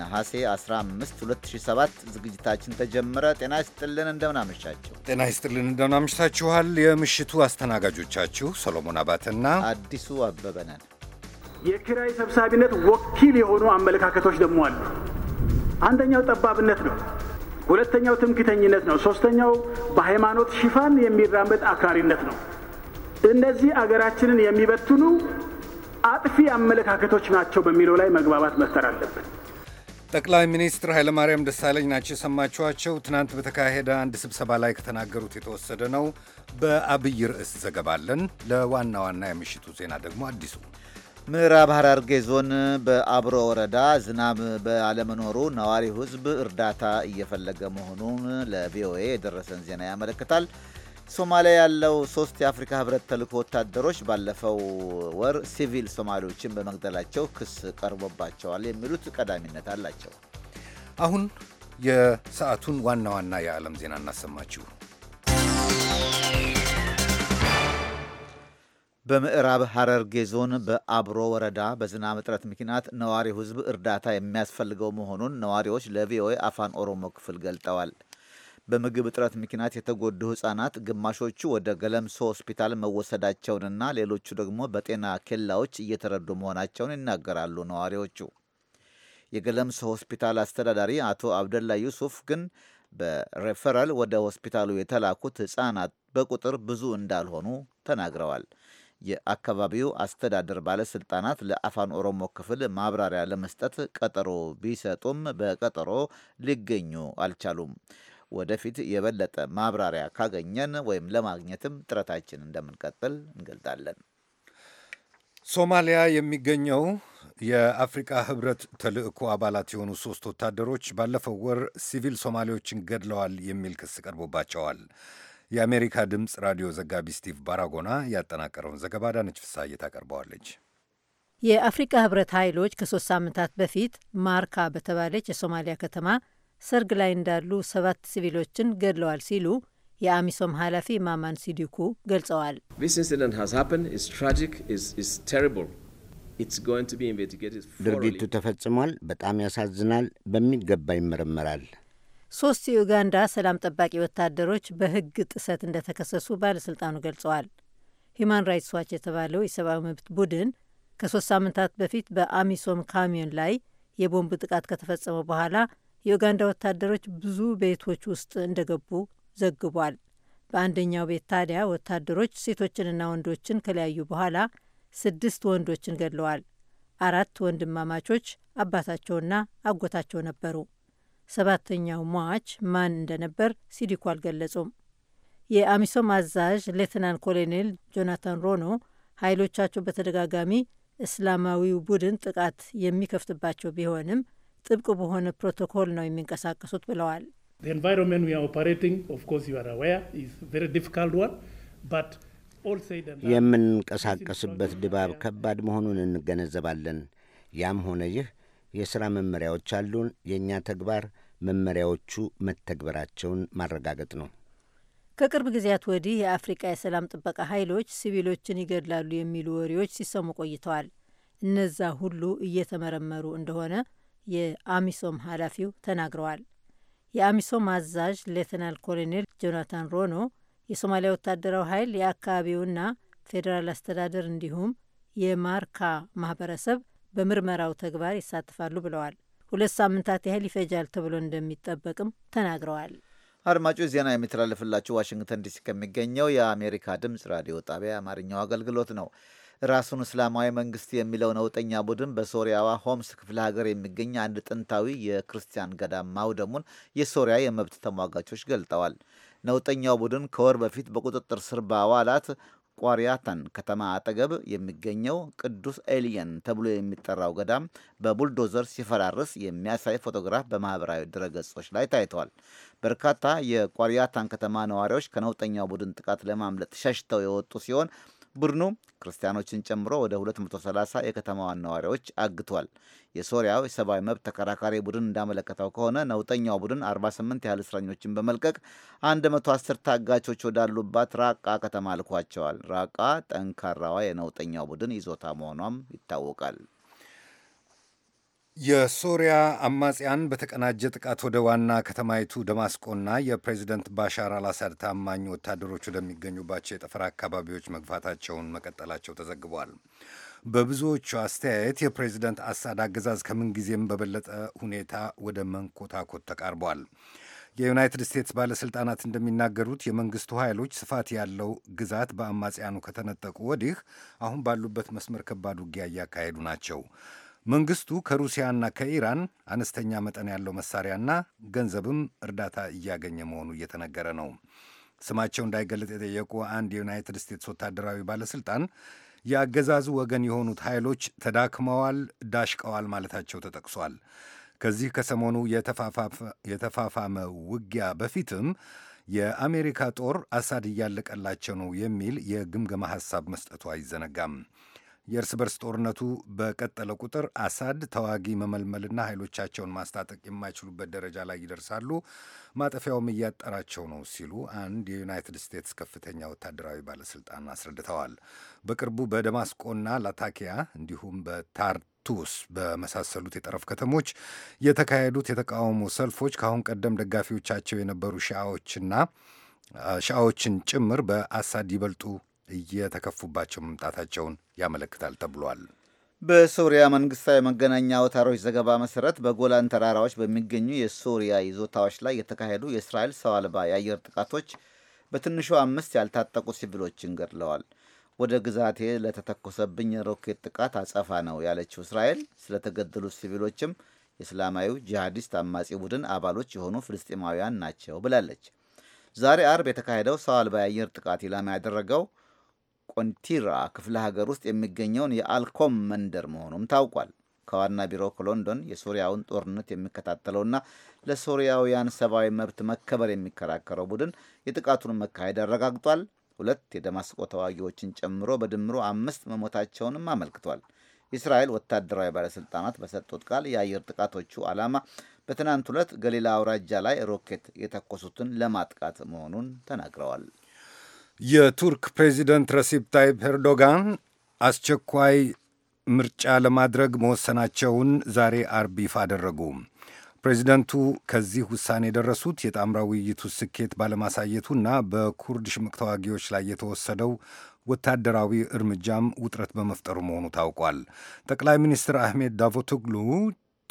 ነሐሴ 15 2007 ዝግጅታችን ተጀመረ። ጤና ይስጥልን እንደምናመሻችሁ። ጤና ይስጥልን እንደምናመሽታችኋል። የምሽቱ አስተናጋጆቻችሁ ሰሎሞን አባተና አዲሱ አበበ ነን። የኪራይ ሰብሳቢነት ወኪል የሆኑ አመለካከቶች ደግሞ አሉ። አንደኛው ጠባብነት ነው። ሁለተኛው ትምክተኝነት ነው። ሶስተኛው በሃይማኖት ሽፋን የሚራመድ አክራሪነት ነው። እነዚህ አገራችንን የሚበትኑ አጥፊ አመለካከቶች ናቸው በሚለው ላይ መግባባት መፍጠር አለብን። ጠቅላይ ሚኒስትር ኃይለማርያም ደሳለኝ ናቸው የሰማችኋቸው። ትናንት በተካሄደ አንድ ስብሰባ ላይ ከተናገሩት የተወሰደ ነው። በአብይ ርዕስ ዘገባለን። ለዋና ዋና የምሽቱ ዜና ደግሞ አዲሱ ምዕራብ ሐራርጌ ዞን በአብሮ ወረዳ ዝናብ ባለመኖሩ ነዋሪው ሕዝብ እርዳታ እየፈለገ መሆኑን ለቪኦኤ የደረሰን ዜና ያመለክታል። ሶማሊያ ያለው ሶስት የአፍሪካ ህብረት ተልእኮ ወታደሮች ባለፈው ወር ሲቪል ሶማሌዎችን በመግደላቸው ክስ ቀርቦባቸዋል የሚሉት ቀዳሚነት አላቸው። አሁን የሰዓቱን ዋና ዋና የዓለም ዜና እናሰማችሁ። በምዕራብ ሐረርጌ ዞን በአብሮ ወረዳ በዝናብ እጥረት ምክንያት ነዋሪው ህዝብ እርዳታ የሚያስፈልገው መሆኑን ነዋሪዎች ለቪኦኤ አፋን ኦሮሞ ክፍል ገልጠዋል። በምግብ እጥረት ምክንያት የተጎዱ ህጻናት ግማሾቹ ወደ ገለምሶ ሆስፒታል መወሰዳቸውንና ሌሎቹ ደግሞ በጤና ኬላዎች እየተረዱ መሆናቸውን ይናገራሉ ነዋሪዎቹ። የገለምሶ ሆስፒታል አስተዳዳሪ አቶ አብደላ ዩሱፍ ግን በሬፈራል ወደ ሆስፒታሉ የተላኩት ህጻናት በቁጥር ብዙ እንዳልሆኑ ተናግረዋል። የአካባቢው አስተዳደር ባለስልጣናት ለአፋን ኦሮሞ ክፍል ማብራሪያ ለመስጠት ቀጠሮ ቢሰጡም በቀጠሮ ሊገኙ አልቻሉም። ወደፊት የበለጠ ማብራሪያ ካገኘን ወይም ለማግኘትም ጥረታችን እንደምንቀጥል እንገልጣለን። ሶማሊያ የሚገኘው የአፍሪቃ ህብረት ተልእኮ አባላት የሆኑ ሶስት ወታደሮች ባለፈው ወር ሲቪል ሶማሌዎችን ገድለዋል የሚል ክስ ቀርቦባቸዋል። የአሜሪካ ድምፅ ራዲዮ ዘጋቢ ስቲቭ ባራጎና ያጠናቀረውን ዘገባ ዳነች ፍሳዬ ታቀርበዋለች። የአፍሪቃ ህብረት ኃይሎች ከሶስት ሳምንታት በፊት ማርካ በተባለች የሶማሊያ ከተማ ሰርግ ላይ እንዳሉ ሰባት ሲቪሎችን ገድለዋል ሲሉ የአሚሶም ኃላፊ ማማን ሲዲኩ ገልጸዋል። ድርጊቱ ተፈጽሟል። በጣም ያሳዝናል። በሚገባ ይመረመራል። ሶስት የኡጋንዳ ሰላም ጠባቂ ወታደሮች በሕግ ጥሰት እንደተከሰሱ ባለሥልጣኑ ገልጸዋል። ሂማን ራይትስ ዋች የተባለው የሰብአዊ መብት ቡድን ከሶስት ሳምንታት በፊት በአሚሶም ካሚዮን ላይ የቦምብ ጥቃት ከተፈጸመ በኋላ የኡጋንዳ ወታደሮች ብዙ ቤቶች ውስጥ እንደገቡ ዘግቧል። በአንደኛው ቤት ታዲያ ወታደሮች ሴቶችንና ወንዶችን ከለያዩ በኋላ ስድስት ወንዶችን ገድለዋል። አራት ወንድማማቾች አባታቸውና አጎታቸው ነበሩ። ሰባተኛው ሟች ማን እንደነበር ሲዲኩ አልገለጹም። የአሚሶም አዛዥ ሌትናን ኮሎኔል ጆናታን ሮኖ ኃይሎቻቸው በተደጋጋሚ እስላማዊው ቡድን ጥቃት የሚከፍትባቸው ቢሆንም ጥብቅ በሆነ ፕሮቶኮል ነው የሚንቀሳቀሱት ብለዋል። የምንቀሳቀስበት ድባብ ከባድ መሆኑን እንገነዘባለን። ያም ሆነ ይህ የሥራ መመሪያዎች አሉን። የእኛ ተግባር መመሪያዎቹ መተግበራቸውን ማረጋገጥ ነው። ከቅርብ ጊዜያት ወዲህ የአፍሪቃ የሰላም ጥበቃ ኃይሎች ሲቪሎችን ይገድላሉ የሚሉ ወሬዎች ሲሰሙ ቆይተዋል። እነዛ ሁሉ እየተመረመሩ እንደሆነ የአሚሶም ኃላፊው ተናግረዋል። የአሚሶም አዛዥ ሌተናል ኮሎኔል ጆናታን ሮኖ የሶማሊያ ወታደራዊ ኃይል የአካባቢውና ፌዴራል አስተዳደር እንዲሁም የማርካ ማህበረሰብ በምርመራው ተግባር ይሳተፋሉ ብለዋል። ሁለት ሳምንታት ያህል ይፈጃል ተብሎ እንደሚጠበቅም ተናግረዋል። አድማጮች ዜና የሚተላለፍላችሁ ዋሽንግተን ዲሲ ከሚገኘው የአሜሪካ ድምፅ ራዲዮ ጣቢያ የአማርኛው አገልግሎት ነው። ራሱን እስላማዊ መንግስት የሚለው ነውጠኛ ቡድን በሶሪያዋ ሆምስ ክፍለ ሀገር የሚገኝ አንድ ጥንታዊ የክርስቲያን ገዳም ማውደሙን የሶሪያ የመብት ተሟጋቾች ገልጠዋል። ነውጠኛው ቡድን ከወር በፊት በቁጥጥር ስር በአዋላት ቋሪያታን ከተማ አጠገብ የሚገኘው ቅዱስ ኤልየን ተብሎ የሚጠራው ገዳም በቡልዶዘር ሲፈራርስ የሚያሳይ ፎቶግራፍ በማህበራዊ ድረገጾች ላይ ታይተዋል። በርካታ የቋሪያታን ከተማ ነዋሪዎች ከነውጠኛው ቡድን ጥቃት ለማምለጥ ሸሽተው የወጡ ሲሆን ቡድኑ ክርስቲያኖችን ጨምሮ ወደ 230 የከተማዋን ነዋሪዎች አግቷል። የሶሪያው የሰብአዊ መብት ተከራካሪ ቡድን እንዳመለከተው ከሆነ ነውጠኛው ቡድን 48 ያህል እስረኞችን በመልቀቅ 110 ታጋቾች ወዳሉባት ራቃ ከተማ ልኳቸዋል። ራቃ ጠንካራዋ የነውጠኛው ቡድን ይዞታ መሆኗም ይታወቃል። የሶሪያ አማጽያን በተቀናጀ ጥቃት ወደ ዋና ከተማይቱ ደማስቆና የፕሬዚደንት ባሻር አልአሳድ ታማኝ ወታደሮች ወደሚገኙባቸው የጠፈር አካባቢዎች መግፋታቸውን መቀጠላቸው ተዘግቧል። በብዙዎቹ አስተያየት የፕሬዚደንት አሳድ አገዛዝ ከምንጊዜም በበለጠ ሁኔታ ወደ መንኮታኮት ተቃርቧል። የዩናይትድ ስቴትስ ባለሥልጣናት እንደሚናገሩት የመንግሥቱ ኃይሎች ስፋት ያለው ግዛት በአማጽያኑ ከተነጠቁ ወዲህ አሁን ባሉበት መስመር ከባድ ውጊያ እያካሄዱ ናቸው። መንግስቱ ከሩሲያና ከኢራን አነስተኛ መጠን ያለው መሳሪያና ገንዘብም እርዳታ እያገኘ መሆኑ እየተነገረ ነው። ስማቸው እንዳይገለጥ የጠየቁ አንድ የዩናይትድ ስቴትስ ወታደራዊ ባለሥልጣን የአገዛዙ ወገን የሆኑት ኃይሎች ተዳክመዋል፣ ዳሽቀዋል ማለታቸው ተጠቅሷል። ከዚህ ከሰሞኑ የተፋፋመ ውጊያ በፊትም የአሜሪካ ጦር አሳድ እያለቀላቸው ነው የሚል የግምገማ ሐሳብ መስጠቱ አይዘነጋም። የእርስ በርስ ጦርነቱ በቀጠለ ቁጥር አሳድ ተዋጊ መመልመልና ኃይሎቻቸውን ማስታጠቅ የማይችሉበት ደረጃ ላይ ይደርሳሉ፣ ማጠፊያውም እያጠራቸው ነው ሲሉ አንድ የዩናይትድ ስቴትስ ከፍተኛ ወታደራዊ ባለስልጣን አስረድተዋል። በቅርቡ በደማስቆና ላታኪያ እንዲሁም በታር ቱስ በመሳሰሉት የጠረፍ ከተሞች የተካሄዱት የተቃውሞ ሰልፎች ከአሁን ቀደም ደጋፊዎቻቸው የነበሩ ሺዓዎችና ሺዓዎችን ጭምር በአሳድ ይበልጡ እየተከፉባቸው መምጣታቸውን ያመለክታል ተብሏል። በሶሪያ መንግስታዊ መገናኛ አውታሮች ዘገባ መሰረት በጎላን ተራራዎች በሚገኙ የሶሪያ ይዞታዎች ላይ የተካሄዱ የእስራኤል ሰው አልባ የአየር ጥቃቶች በትንሹ አምስት ያልታጠቁ ሲቪሎችን ገድለዋል። ወደ ግዛቴ ለተተኮሰብኝ የሮኬት ጥቃት አጸፋ ነው ያለችው እስራኤል ስለተገደሉ ሲቪሎችም የእስላማዊ ጂሃዲስት አማጺ ቡድን አባሎች የሆኑ ፍልስጤማውያን ናቸው ብላለች። ዛሬ አርብ የተካሄደው ሰው አልባ የአየር ጥቃት ኢላማ ያደረገው ቆንቲራ ክፍለ ሀገር ውስጥ የሚገኘውን የአልኮም መንደር መሆኑም ታውቋል። ከዋና ቢሮ ከሎንዶን የሶሪያውን ጦርነት የሚከታተለውና ለሶሪያውያን ሰብአዊ መብት መከበር የሚከራከረው ቡድን የጥቃቱን መካሄድ አረጋግጧል። ሁለት የደማስቆ ተዋጊዎችን ጨምሮ በድምሮ አምስት መሞታቸውንም አመልክቷል። የእስራኤል ወታደራዊ ባለስልጣናት በሰጡት ቃል የአየር ጥቃቶቹ ዓላማ በትናንት ሁለት ገሊላ አውራጃ ላይ ሮኬት የተኮሱትን ለማጥቃት መሆኑን ተናግረዋል። የቱርክ ፕሬዚደንት ረሲፕ ታይፕ ኤርዶጋን አስቸኳይ ምርጫ ለማድረግ መወሰናቸውን ዛሬ አርብ ይፋ አደረጉ። ፕሬዚደንቱ ከዚህ ውሳኔ የደረሱት የጣምራ ውይይቱ ስኬት ባለማሳየቱና በኩርድ ሽምቅ ተዋጊዎች ላይ የተወሰደው ወታደራዊ እርምጃም ውጥረት በመፍጠሩ መሆኑ ታውቋል። ጠቅላይ ሚኒስትር አህሜድ ዳቮቶግሉ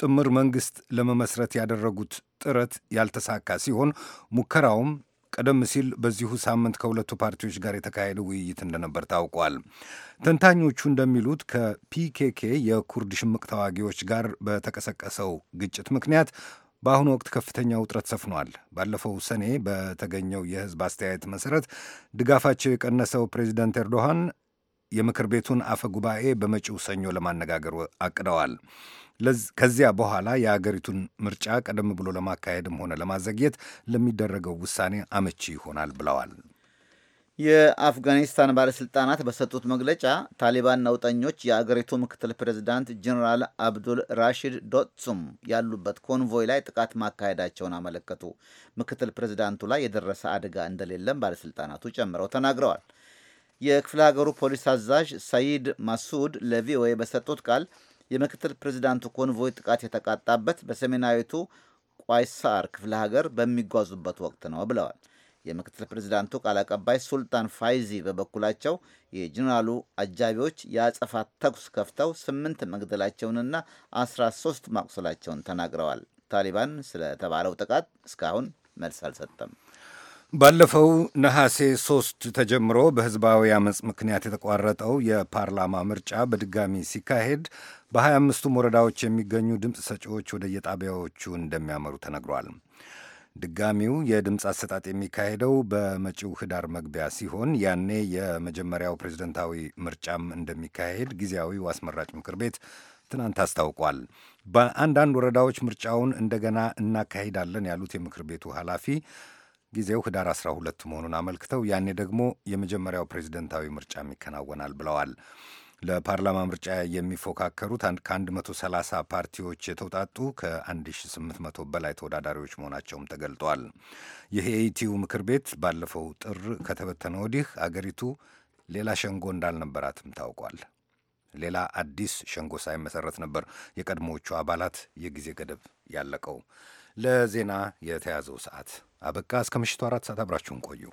ጥምር መንግስት ለመመስረት ያደረጉት ጥረት ያልተሳካ ሲሆን ሙከራውም ቀደም ሲል በዚሁ ሳምንት ከሁለቱ ፓርቲዎች ጋር የተካሄደ ውይይት እንደነበር ታውቋል። ተንታኞቹ እንደሚሉት ከፒኬኬ የኩርድ ሽምቅ ተዋጊዎች ጋር በተቀሰቀሰው ግጭት ምክንያት በአሁኑ ወቅት ከፍተኛ ውጥረት ሰፍኗል። ባለፈው ሰኔ በተገኘው የህዝብ አስተያየት መሰረት ድጋፋቸው የቀነሰው ፕሬዚደንት ኤርዶሃን የምክር ቤቱን አፈ ጉባኤ በመጪው ሰኞ ለማነጋገር አቅደዋል። ከዚያ በኋላ የአገሪቱን ምርጫ ቀደም ብሎ ለማካሄድም ሆነ ለማዘግየት ለሚደረገው ውሳኔ አመቺ ይሆናል ብለዋል። የአፍጋኒስታን ባለሥልጣናት በሰጡት መግለጫ ታሊባን ነውጠኞች የአገሪቱ ምክትል ፕሬዚዳንት ጀኔራል አብዱል ራሺድ ዶትሱም ያሉበት ኮንቮይ ላይ ጥቃት ማካሄዳቸውን አመለከቱ። ምክትል ፕሬዚዳንቱ ላይ የደረሰ አደጋ እንደሌለም ባለሥልጣናቱ ጨምረው ተናግረዋል። የክፍለ ሀገሩ ፖሊስ አዛዥ ሰይድ ማሱድ ለቪኦኤ በሰጡት ቃል የምክትል ፕሬዚዳንቱ ኮንቮይ ጥቃት የተቃጣበት በሰሜናዊቱ ቋይሳር ክፍለ ሀገር በሚጓዙበት ወቅት ነው ብለዋል። የምክትል ፕሬዚዳንቱ ቃል አቀባይ ሱልጣን ፋይዚ በበኩላቸው የጀኔራሉ አጃቢዎች የአጸፋ ተኩስ ከፍተው ስምንት መግደላቸውንና አስራ ሶስት ማቁሰላቸውን ተናግረዋል። ታሊባን ስለተባለው ጥቃት እስካሁን መልስ አልሰጠም። ባለፈው ነሐሴ ሶስት ተጀምሮ በህዝባዊ አመፅ ምክንያት የተቋረጠው የፓርላማ ምርጫ በድጋሚ ሲካሄድ በ 25 ወረዳዎች የሚገኙ ድምፅ ሰጪዎች ወደ የጣቢያዎቹ እንደሚያመሩ ተነግሯል። ድጋሚው የድምፅ አሰጣጥ የሚካሄደው በመጪው ህዳር መግቢያ ሲሆን ያኔ የመጀመሪያው ፕሬዝደንታዊ ምርጫም እንደሚካሄድ ጊዜያዊው አስመራጭ ምክር ቤት ትናንት አስታውቋል። በአንዳንድ ወረዳዎች ምርጫውን እንደገና እናካሄዳለን ያሉት የምክር ቤቱ ኃላፊ ጊዜው ህዳር 12 መሆኑን አመልክተው ያኔ ደግሞ የመጀመሪያው ፕሬዝደንታዊ ምርጫም ይከናወናል ብለዋል። ለፓርላማ ምርጫ የሚፎካከሩት ከ130 ፓርቲዎች የተውጣጡ ከ1800 በላይ ተወዳዳሪዎች መሆናቸውም ተገልጧል። የሄይቲው ምክር ቤት ባለፈው ጥር ከተበተነ ወዲህ አገሪቱ ሌላ ሸንጎ እንዳልነበራትም ታውቋል። ሌላ አዲስ ሸንጎ ሳይመሰረት ነበር የቀድሞዎቹ አባላት የጊዜ ገደብ ያለቀው። ለዜና የተያዘው ሰዓት አበቃ። እስከ ምሽቱ አራት ሰዓት አብራችሁን ቆዩ።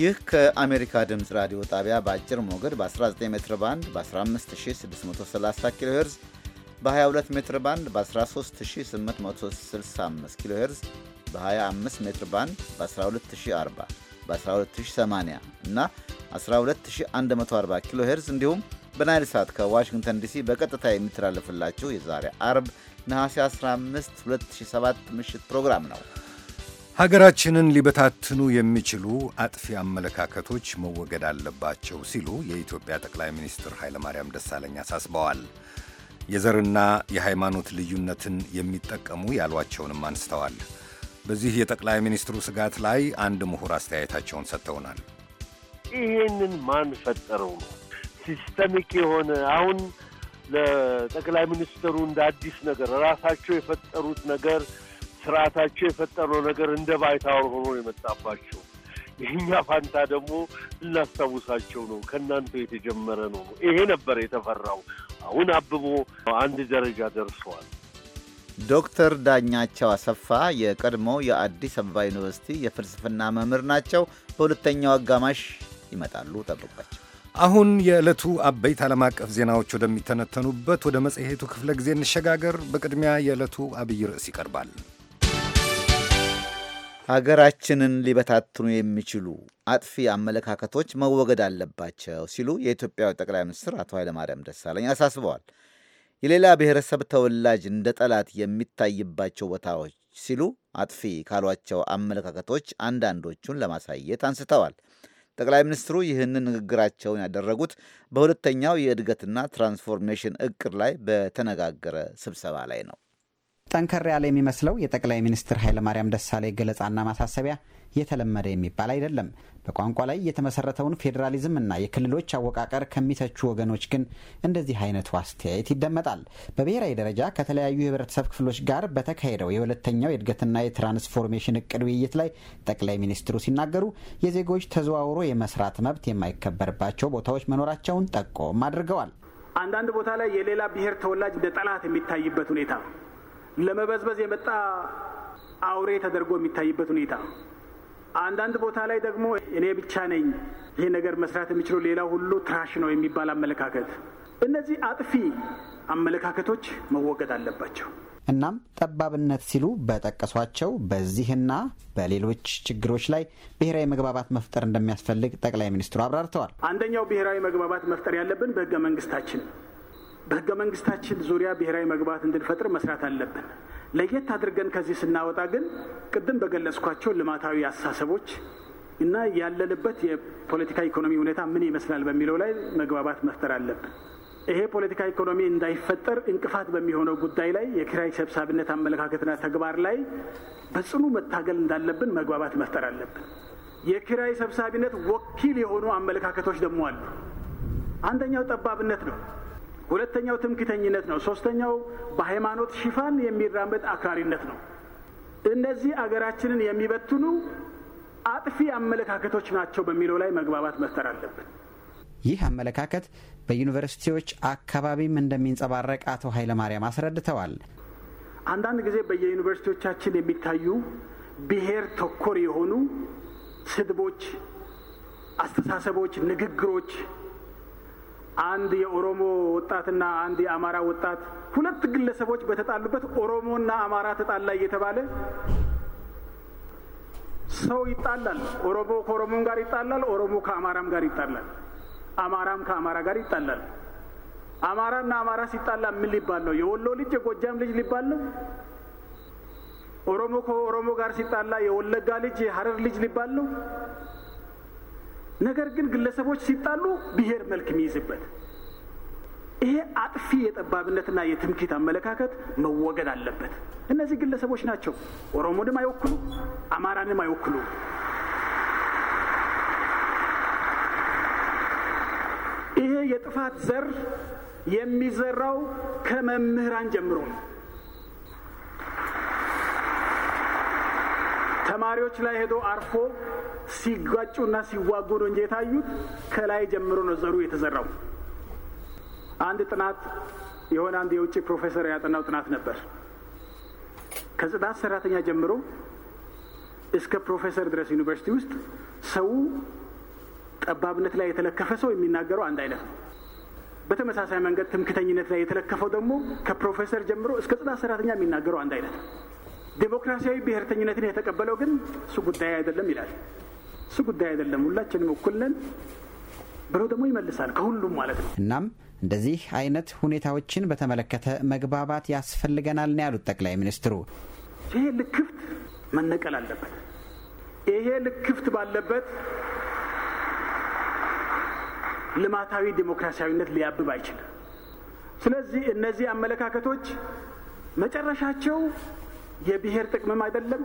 ይህ ከአሜሪካ ድምፅ ራዲዮ ጣቢያ በአጭር ሞገድ በ19 ሜትር ባንድ በ15630 ኪሎ ሄርዝ በ22 ሜትር ባንድ በ13865 ኪሎ ሄርዝ በ25 ሜትር ባንድ በ 1240 በ12080 እና 12140 ኪሎ ሄርዝ እንዲሁም በናይል ሳት ከዋሽንግተን ዲሲ በቀጥታ የሚተላለፍላችሁ የዛሬ አርብ ነሐሴ 15 2007 ምሽት ፕሮግራም ነው። ሀገራችንን ሊበታትኑ የሚችሉ አጥፊ አመለካከቶች መወገድ አለባቸው ሲሉ የኢትዮጵያ ጠቅላይ ሚኒስትር ኃይለማርያም ደሳለኝ አሳስበዋል። የዘርና የሃይማኖት ልዩነትን የሚጠቀሙ ያሏቸውንም አንስተዋል። በዚህ የጠቅላይ ሚኒስትሩ ስጋት ላይ አንድ ምሁር አስተያየታቸውን ሰጥተውናል። ይህንን ማን ፈጠረው ነው? ሲስተሚክ የሆነ አሁን ለጠቅላይ ሚኒስትሩ እንደ አዲስ ነገር ራሳቸው የፈጠሩት ነገር ስርዓታቸው የፈጠረው ነገር እንደ ባይታወር ሆኖ የመጣባቸው የእኛ ፋንታ ደግሞ ልናስታውሳቸው ነው። ከእናንተ የተጀመረ ነው። ይሄ ነበር የተፈራው። አሁን አብቦ አንድ ደረጃ ደርሰዋል። ዶክተር ዳኛቸው አሰፋ የቀድሞ የአዲስ አበባ ዩኒቨርሲቲ የፍልስፍና መምህር ናቸው። በሁለተኛው አጋማሽ ይመጣሉ፣ ጠብቋቸው። አሁን የዕለቱ አበይት ዓለም አቀፍ ዜናዎች ወደሚተነተኑበት ወደ መጽሔቱ ክፍለ ጊዜ እንሸጋገር። በቅድሚያ የዕለቱ አብይ ርዕስ ይቀርባል። ሀገራችንን ሊበታትኑ የሚችሉ አጥፊ አመለካከቶች መወገድ አለባቸው ሲሉ የኢትዮጵያ ጠቅላይ ሚኒስትር አቶ ኃይለማርያም ደሳለኝ አሳስበዋል። የሌላ ብሔረሰብ ተወላጅ እንደ ጠላት የሚታይባቸው ቦታዎች ሲሉ አጥፊ ካሏቸው አመለካከቶች አንዳንዶቹን ለማሳየት አንስተዋል። ጠቅላይ ሚኒስትሩ ይህንን ንግግራቸውን ያደረጉት በሁለተኛው የእድገትና ትራንስፎርሜሽን እቅድ ላይ በተነጋገረ ስብሰባ ላይ ነው። ጠንከር ያለ የሚመስለው የጠቅላይ ሚኒስትር ኃይለማርያም ደሳሌ ገለጻና ማሳሰቢያ የተለመደ የሚባል አይደለም። በቋንቋ ላይ የተመሰረተውን ፌዴራሊዝምና የክልሎች አወቃቀር ከሚተቹ ወገኖች ግን እንደዚህ አይነቱ አስተያየት ይደመጣል። በብሔራዊ ደረጃ ከተለያዩ የህብረተሰብ ክፍሎች ጋር በተካሄደው የሁለተኛው የእድገትና የትራንስፎርሜሽን እቅድ ውይይት ላይ ጠቅላይ ሚኒስትሩ ሲናገሩ የዜጎች ተዘዋውሮ የመስራት መብት የማይከበርባቸው ቦታዎች መኖራቸውን ጠቆም አድርገዋል። አንዳንድ ቦታ ላይ የሌላ ብሔር ተወላጅ እንደ ጠላት የሚታይበት ሁኔታ ለመበዝበዝ የመጣ አውሬ ተደርጎ የሚታይበት ሁኔታ፣ አንዳንድ ቦታ ላይ ደግሞ እኔ ብቻ ነኝ ይሄ ነገር መስራት የሚችለው ሌላ ሁሉ ትራሽ ነው የሚባል አመለካከት፣ እነዚህ አጥፊ አመለካከቶች መወገድ አለባቸው። እናም ጠባብነት ሲሉ በጠቀሷቸው በዚህና በሌሎች ችግሮች ላይ ብሔራዊ መግባባት መፍጠር እንደሚያስፈልግ ጠቅላይ ሚኒስትሩ አብራርተዋል። አንደኛው ብሔራዊ መግባባት መፍጠር ያለብን በህገ መንግስታችን በህገ መንግስታችን ዙሪያ ብሔራዊ መግባት እንድንፈጥር መስራት አለብን። ለየት አድርገን ከዚህ ስናወጣ ግን ቅድም በገለጽኳቸው ልማታዊ አስተሳሰቦች እና ያለንበት የፖለቲካ ኢኮኖሚ ሁኔታ ምን ይመስላል በሚለው ላይ መግባባት መፍጠር አለብን። ይሄ ፖለቲካ ኢኮኖሚ እንዳይፈጠር እንቅፋት በሚሆነው ጉዳይ ላይ የኪራይ ሰብሳቢነት አመለካከትና ተግባር ላይ በጽኑ መታገል እንዳለብን መግባባት መፍጠር አለብን። የኪራይ ሰብሳቢነት ወኪል የሆኑ አመለካከቶች ደግሞ አሉ። አንደኛው ጠባብነት ነው። ሁለተኛው ትምክተኝነት ነው። ሶስተኛው በሃይማኖት ሽፋን የሚራመድ አክራሪነት ነው። እነዚህ አገራችንን የሚበትኑ አጥፊ አመለካከቶች ናቸው በሚለው ላይ መግባባት መፍጠር አለብን። ይህ አመለካከት በዩኒቨርሲቲዎች አካባቢም እንደሚንጸባረቅ አቶ ኃይለማርያም አስረድተዋል። አንዳንድ ጊዜ በየዩኒቨርሲቲዎቻችን የሚታዩ ብሔር ተኮር የሆኑ ስድቦች፣ አስተሳሰቦች፣ ንግግሮች አንድ የኦሮሞ ወጣትና አንድ የአማራ ወጣት ሁለት ግለሰቦች በተጣሉበት ኦሮሞና አማራ ተጣላ እየተባለ ሰው ይጣላል። ኦሮሞ ከኦሮሞም ጋር ይጣላል። ኦሮሞ ከአማራም ጋር ይጣላል። አማራም ከአማራ ጋር ይጣላል። አማራና አማራ ሲጣላ ምን ሊባል ነው? የወሎ ልጅ የጎጃም ልጅ ሊባል ነው? ኦሮሞ ከኦሮሞ ጋር ሲጣላ የወለጋ ልጅ የሀረር ልጅ ሊባል ነው? ነገር ግን ግለሰቦች ሲጣሉ ብሔር መልክ የሚይዝበት ይሄ አጥፊ የጠባብነትና የትምክህት አመለካከት መወገድ አለበት። እነዚህ ግለሰቦች ናቸው ኦሮሞንም አይወክሉ፣ አማራንም አይወክሉ። ይሄ የጥፋት ዘር የሚዘራው ከመምህራን ጀምሮ ነው። ተማሪዎች ላይ ሄዶ አርፎ ሲጓጩና ሲዋጉ ነው እንጂ የታዩት ከላይ ጀምሮ ነው ዘሩ የተዘራው። አንድ ጥናት የሆነ አንድ የውጭ ፕሮፌሰር ያጠናው ጥናት ነበር። ከጽዳት ሰራተኛ ጀምሮ እስከ ፕሮፌሰር ድረስ ዩኒቨርሲቲ ውስጥ ሰው ጠባብነት ላይ የተለከፈ ሰው የሚናገረው አንድ አይነት ነው። በተመሳሳይ መንገድ ትምክተኝነት ላይ የተለከፈው ደግሞ ከፕሮፌሰር ጀምሮ እስከ ጽዳት ሰራተኛ የሚናገረው አንድ አይነት ነው። ዴሞክራሲያዊ ብሔርተኝነትን የተቀበለው ግን እሱ ጉዳይ አይደለም ይላል። እሱ ጉዳይ አይደለም። ሁላችንም እኩል ነን ብሎ ደግሞ ይመልሳል ከሁሉም ማለት ነው። እናም እንደዚህ አይነት ሁኔታዎችን በተመለከተ መግባባት ያስፈልገናል ነው ያሉት ጠቅላይ ሚኒስትሩ። ይሄ ልክፍት መነቀል አለበት። ይሄ ልክፍት ባለበት ልማታዊ ዴሞክራሲያዊነት ሊያብብ አይችልም። ስለዚህ እነዚህ አመለካከቶች መጨረሻቸው የብሔር ጥቅምም አይደለም፣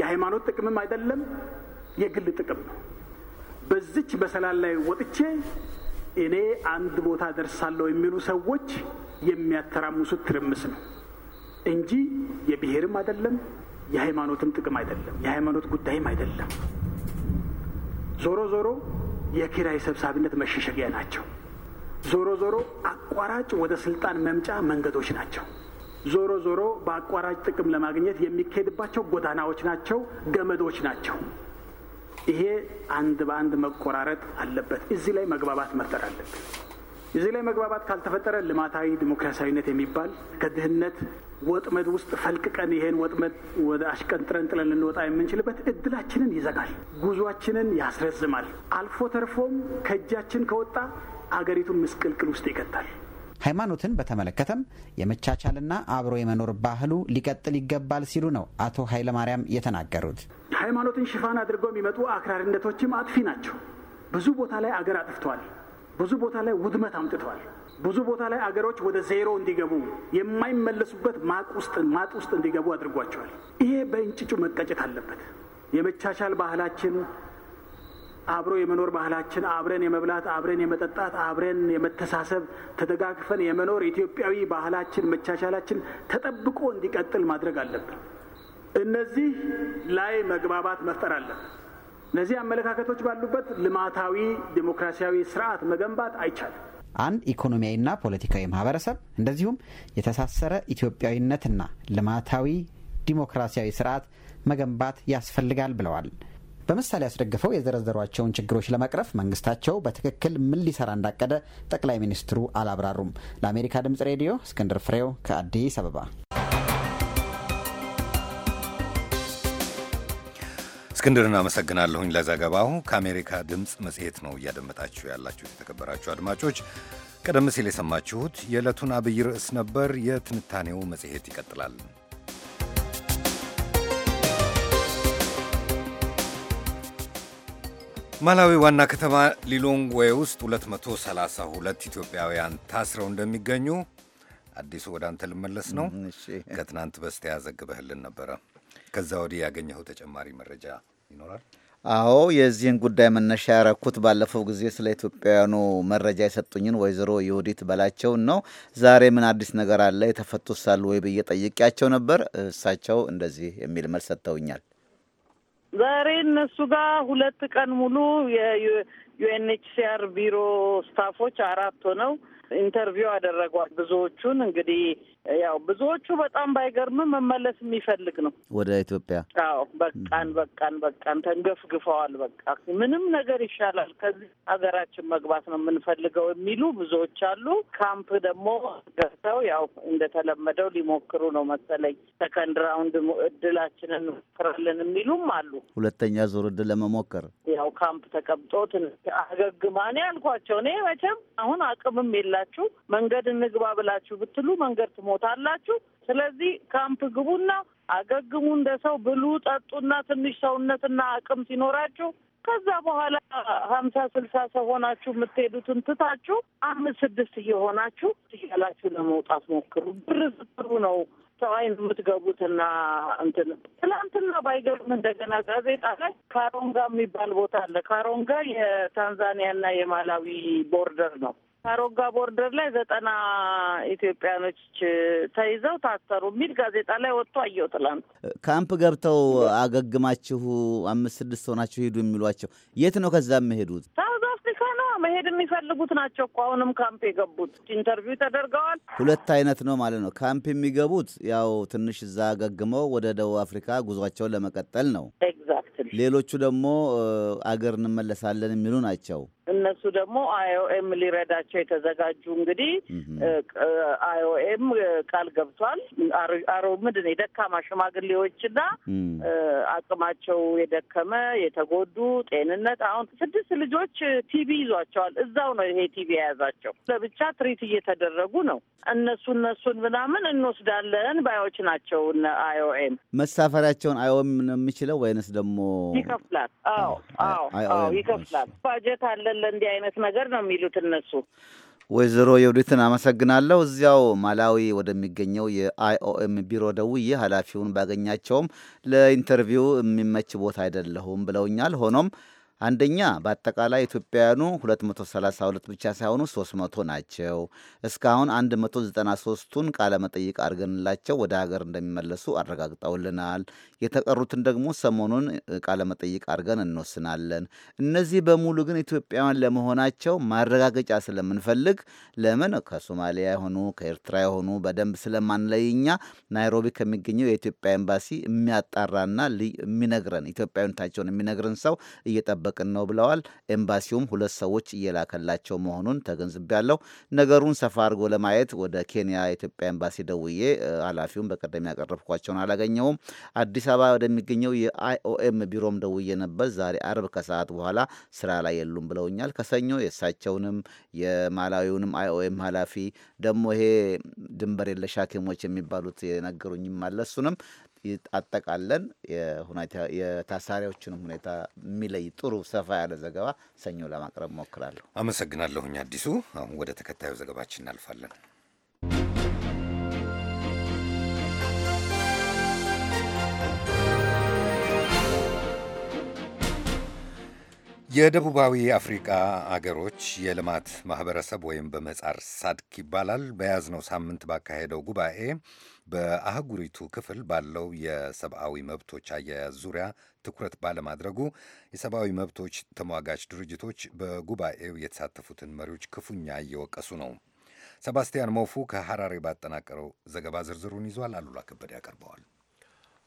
የሃይማኖት ጥቅምም አይደለም፣ የግል ጥቅም ነው። በዚች በሰላል ላይ ወጥቼ እኔ አንድ ቦታ ደርሳለሁ የሚሉ ሰዎች የሚያተራምሱት ትርምስ ነው እንጂ የብሔርም አይደለም የሃይማኖትም ጥቅም አይደለም፣ የሃይማኖት ጉዳይም አይደለም። ዞሮ ዞሮ የኪራይ ሰብሳቢነት መሸሸጊያ ናቸው። ዞሮ ዞሮ አቋራጭ ወደ ስልጣን መምጫ መንገዶች ናቸው። ዞሮ ዞሮ በአቋራጭ ጥቅም ለማግኘት የሚካሄድባቸው ጎዳናዎች ናቸው፣ ገመዶች ናቸው። ይሄ አንድ በአንድ መቆራረጥ አለበት። እዚህ ላይ መግባባት መፍጠር አለብን። እዚህ ላይ መግባባት ካልተፈጠረ ልማታዊ ዲሞክራሲያዊነት የሚባል ከድህነት ወጥመድ ውስጥ ፈልቅቀን ይሄን ወጥመድ ወደ አሽቀንጥረን ጥለን ልንወጣ የምንችልበት እድላችንን ይዘጋል፣ ጉዟችንን ያስረዝማል። አልፎ ተርፎም ከእጃችን ከወጣ አገሪቱን ምስቅልቅል ውስጥ ይከታል። ሃይማኖትን በተመለከተም የመቻቻልና አብሮ የመኖር ባህሉ ሊቀጥል ይገባል ሲሉ ነው አቶ ኃይለማርያም የተናገሩት። ሃይማኖትን ሽፋን አድርገው የሚመጡ አክራሪነቶችም አጥፊ ናቸው። ብዙ ቦታ ላይ አገር አጥፍተዋል። ብዙ ቦታ ላይ ውድመት አምጥተዋል። ብዙ ቦታ ላይ አገሮች ወደ ዜሮ እንዲገቡ የማይመለሱበት ማጥ ውስጥ ማጥ ውስጥ እንዲገቡ አድርጓቸዋል። ይሄ በእንጭጩ መቀጨት አለበት። የመቻቻል ባህላችን አብሮ የመኖር ባህላችን አብረን የመብላት አብረን የመጠጣት አብረን የመተሳሰብ ተደጋግፈን የመኖር ኢትዮጵያዊ ባህላችን መቻቻላችን ተጠብቆ እንዲቀጥል ማድረግ አለብን። እነዚህ ላይ መግባባት መፍጠር አለብን። እነዚህ አመለካከቶች ባሉበት ልማታዊ ዴሞክራሲያዊ ስርዓት መገንባት አይቻልም። አንድ ኢኮኖሚያዊና ፖለቲካዊ ማህበረሰብ እንደዚሁም የተሳሰረ ኢትዮጵያዊነትና ልማታዊ ዲሞክራሲያዊ ስርዓት መገንባት ያስፈልጋል ብለዋል በምሳሌ ያስደግፈው የዘረዘሯቸውን ችግሮች ለመቅረፍ መንግስታቸው በትክክል ምን ሊሰራ እንዳቀደ ጠቅላይ ሚኒስትሩ አላብራሩም። ለአሜሪካ ድምጽ ሬዲዮ እስክንድር ፍሬው ከአዲስ አበባ። እስክንድር እናመሰግናለሁኝ ለዘገባው። ከአሜሪካ ድምፅ መጽሔት ነው እያደመጣችሁ ያላችሁት የተከበራችሁ አድማጮች። ቀደም ሲል የሰማችሁት የዕለቱን አብይ ርዕስ ነበር። የትንታኔው መጽሔት ይቀጥላል። ማላዊ ዋና ከተማ ሊሎንግዌ ውስጥ 232 ኢትዮጵያውያን ታስረው እንደሚገኙ አዲሱ ወደ አንተ ልመለስ ነው። ከትናንት በስቲያ ዘግበህልን ነበረ። ከዛ ወዲህ ያገኘኸው ተጨማሪ መረጃ ይኖራል? አዎ፣ የዚህን ጉዳይ መነሻ ያረኩት ባለፈው ጊዜ ስለ ኢትዮጵያውያኑ መረጃ የሰጡኝን ወይዘሮ የወዲት በላቸውን ነው። ዛሬ ምን አዲስ ነገር አለ የተፈቱ ሳሉ ወይ ብዬ ጠይቄያቸው ነበር። እሳቸው እንደዚህ የሚል መልስ ሰጥተውኛል። ዛሬ እነሱ ጋር ሁለት ቀን ሙሉ የዩኤንኤችሲአር ቢሮ ስታፎች አራት ሆነው ኢንተርቪው አደረጓል። ብዙዎቹን። እንግዲህ ያው ብዙዎቹ በጣም ባይገርም መመለስ የሚፈልግ ነው ወደ ኢትዮጵያ። አዎ በቃን በቃን በቃን ተንገፍግፈዋል። በቃ ምንም ነገር ይሻላል ከዚህ ሀገራችን መግባት ነው የምንፈልገው የሚሉ ብዙዎች አሉ። ካምፕ ደግሞ ገብተው ያው እንደተለመደው ሊሞክሩ ነው መሰለኝ ሰከንድ ራውንድ እድላችንን እንሞክራለን የሚሉም አሉ። ሁለተኛ ዙር እድል ለመሞከር ያው ካምፕ ተቀምጦ ትንሽ አገግማኔ አልኳቸው። እኔ መቼም አሁን አቅምም የለ ብላችሁ መንገድ እንግባ ብላችሁ ብትሉ መንገድ ትሞታላችሁ። ስለዚህ ካምፕ ግቡና አገግሙ፣ እንደ ሰው ብሉ፣ ጠጡና ትንሽ ሰውነትና አቅም ሲኖራችሁ ከዛ በኋላ ሀምሳ ስልሳ ሰው ሆናችሁ የምትሄዱትን ትታችሁ አምስት ስድስት እየሆናችሁ እያላችሁ ለመውጣት ሞክሩ። ብር ስትሩ ነው ሰው አይን የምትገቡትና እንትን ትላንትና ባይገርም እንደገና ጋዜጣ ላይ ካሮንጋ የሚባል ቦታ አለ። ካሮንጋ የታንዛኒያና የማላዊ ቦርደር ነው። ካሮጋ ቦርደር ላይ ዘጠና ኢትዮጵያኖች ተይዘው ታሰሩ የሚል ጋዜጣ ላይ ወጥቶ አየው። ትላንት ካምፕ ገብተው አገግማችሁ አምስት ስድስት ሆናችሁ ሄዱ የሚሏቸው የት ነው? ከዛ የምሄዱት ሳውዝ አፍሪካ ነው። መሄድ የሚፈልጉት ናቸው እኮ አሁንም ካምፕ የገቡት ኢንተርቪው ተደርገዋል። ሁለት አይነት ነው ማለት ነው። ካምፕ የሚገቡት ያው ትንሽ እዛ አገግመው ወደ ደቡብ አፍሪካ ጉዟቸውን ለመቀጠል ነው። ኤግዛክትሊ። ሌሎቹ ደግሞ አገር እንመለሳለን የሚሉ ናቸው። እነሱ ደግሞ አይኦኤም ሊረዳቸው የተዘጋጁ እንግዲህ አይኦኤም ቃል ገብቷል። አሮ ምንድን ነው የደካማ ሽማግሌዎችና አቅማቸው የደከመ የተጎዱ ጤንነት አሁን ስድስት ልጆች ቲቪ ይዟቸዋል። እዛው ነው ይሄ ቲቪ የያዛቸው ለብቻ ትሪት እየተደረጉ ነው። እነሱ እነሱን ምናምን እንወስዳለን ባዮች ናቸው። አይኦኤም መሳፈሪያቸውን አይኦኤም ነው የሚችለው ወይንስ ደግሞ ይከፍላል? አዎ አዎ ይከፍላል። ባጀት አለን አለ እንዲህ አይነት ነገር ነው የሚሉት እነሱ። ወይዘሮ የውዲትን አመሰግናለሁ። እዚያው ማላዊ ወደሚገኘው የአይኦኤም ቢሮ ደውዬ ኃላፊውን ባገኛቸውም ለኢንተርቪው የሚመች ቦታ አይደለሁም ብለውኛል። ሆኖም አንደኛ በአጠቃላይ ኢትዮጵያውያኑ 232 ብቻ ሳይሆኑ 300 ናቸው። እስካሁን 193ቱን ቃለመጠይቅ አድርገንላቸው ወደ ሀገር እንደሚመለሱ አረጋግጠውልናል። የተቀሩትን ደግሞ ሰሞኑን ቃለመጠይቅ አድርገን እንወስናለን። እነዚህ በሙሉ ግን ኢትዮጵያውያን ለመሆናቸው ማረጋገጫ ስለምንፈልግ ለምን ከሶማሊያ የሆኑ ከኤርትራ የሆኑ በደንብ ስለማንለይኛ ናይሮቢ ከሚገኘው የኢትዮጵያ ኤምባሲ የሚያጣራና የሚነግረን ኢትዮጵያዊነታቸውን የሚነግረን ሰው እየጠበ እየጠበቅን ነው ብለዋል። ኤምባሲውም ሁለት ሰዎች እየላከላቸው መሆኑን ተገንዝቤያለሁ። ነገሩን ሰፋ አድርጎ ለማየት ወደ ኬንያ የኢትዮጵያ ኤምባሲ ደውዬ ኃላፊውን በቀደም ያቀረብኳቸውን አላገኘውም። አዲስ አበባ ወደሚገኘው የአይኦኤም ቢሮም ደውዬ ነበር። ዛሬ አርብ ከሰዓት በኋላ ስራ ላይ የሉም ብለውኛል። ከሰኞ የእሳቸውንም የማላዊውንም አይኦኤም ኃላፊ ደግሞ ይሄ ድንበር የለሽ ሐኪሞች የሚባሉት የነገሩኝም አለ እሱንም ይጣጠቃለን የታሳሪዎችንም ሁኔታ የሚለይ ጥሩ ሰፋ ያለ ዘገባ ሰኞ ለማቅረብ ሞክራለሁ። አመሰግናለሁኝ አዲሱ። አሁን ወደ ተከታዩ ዘገባችን እናልፋለን። የደቡባዊ አፍሪካ አገሮች የልማት ማህበረሰብ ወይም በመጻር ሳድክ ይባላል በያዝነው ሳምንት ባካሄደው ጉባኤ በአህጉሪቱ ክፍል ባለው የሰብአዊ መብቶች አያያዝ ዙሪያ ትኩረት ባለማድረጉ የሰብአዊ መብቶች ተሟጋች ድርጅቶች በጉባኤው የተሳተፉትን መሪዎች ክፉኛ እየወቀሱ ነው። ሰባስቲያን ሞፉ ከሐራሬ ባጠናቀረው ዘገባ ዝርዝሩን ይዟል። አሉላ ከበደ ያቀርበዋል።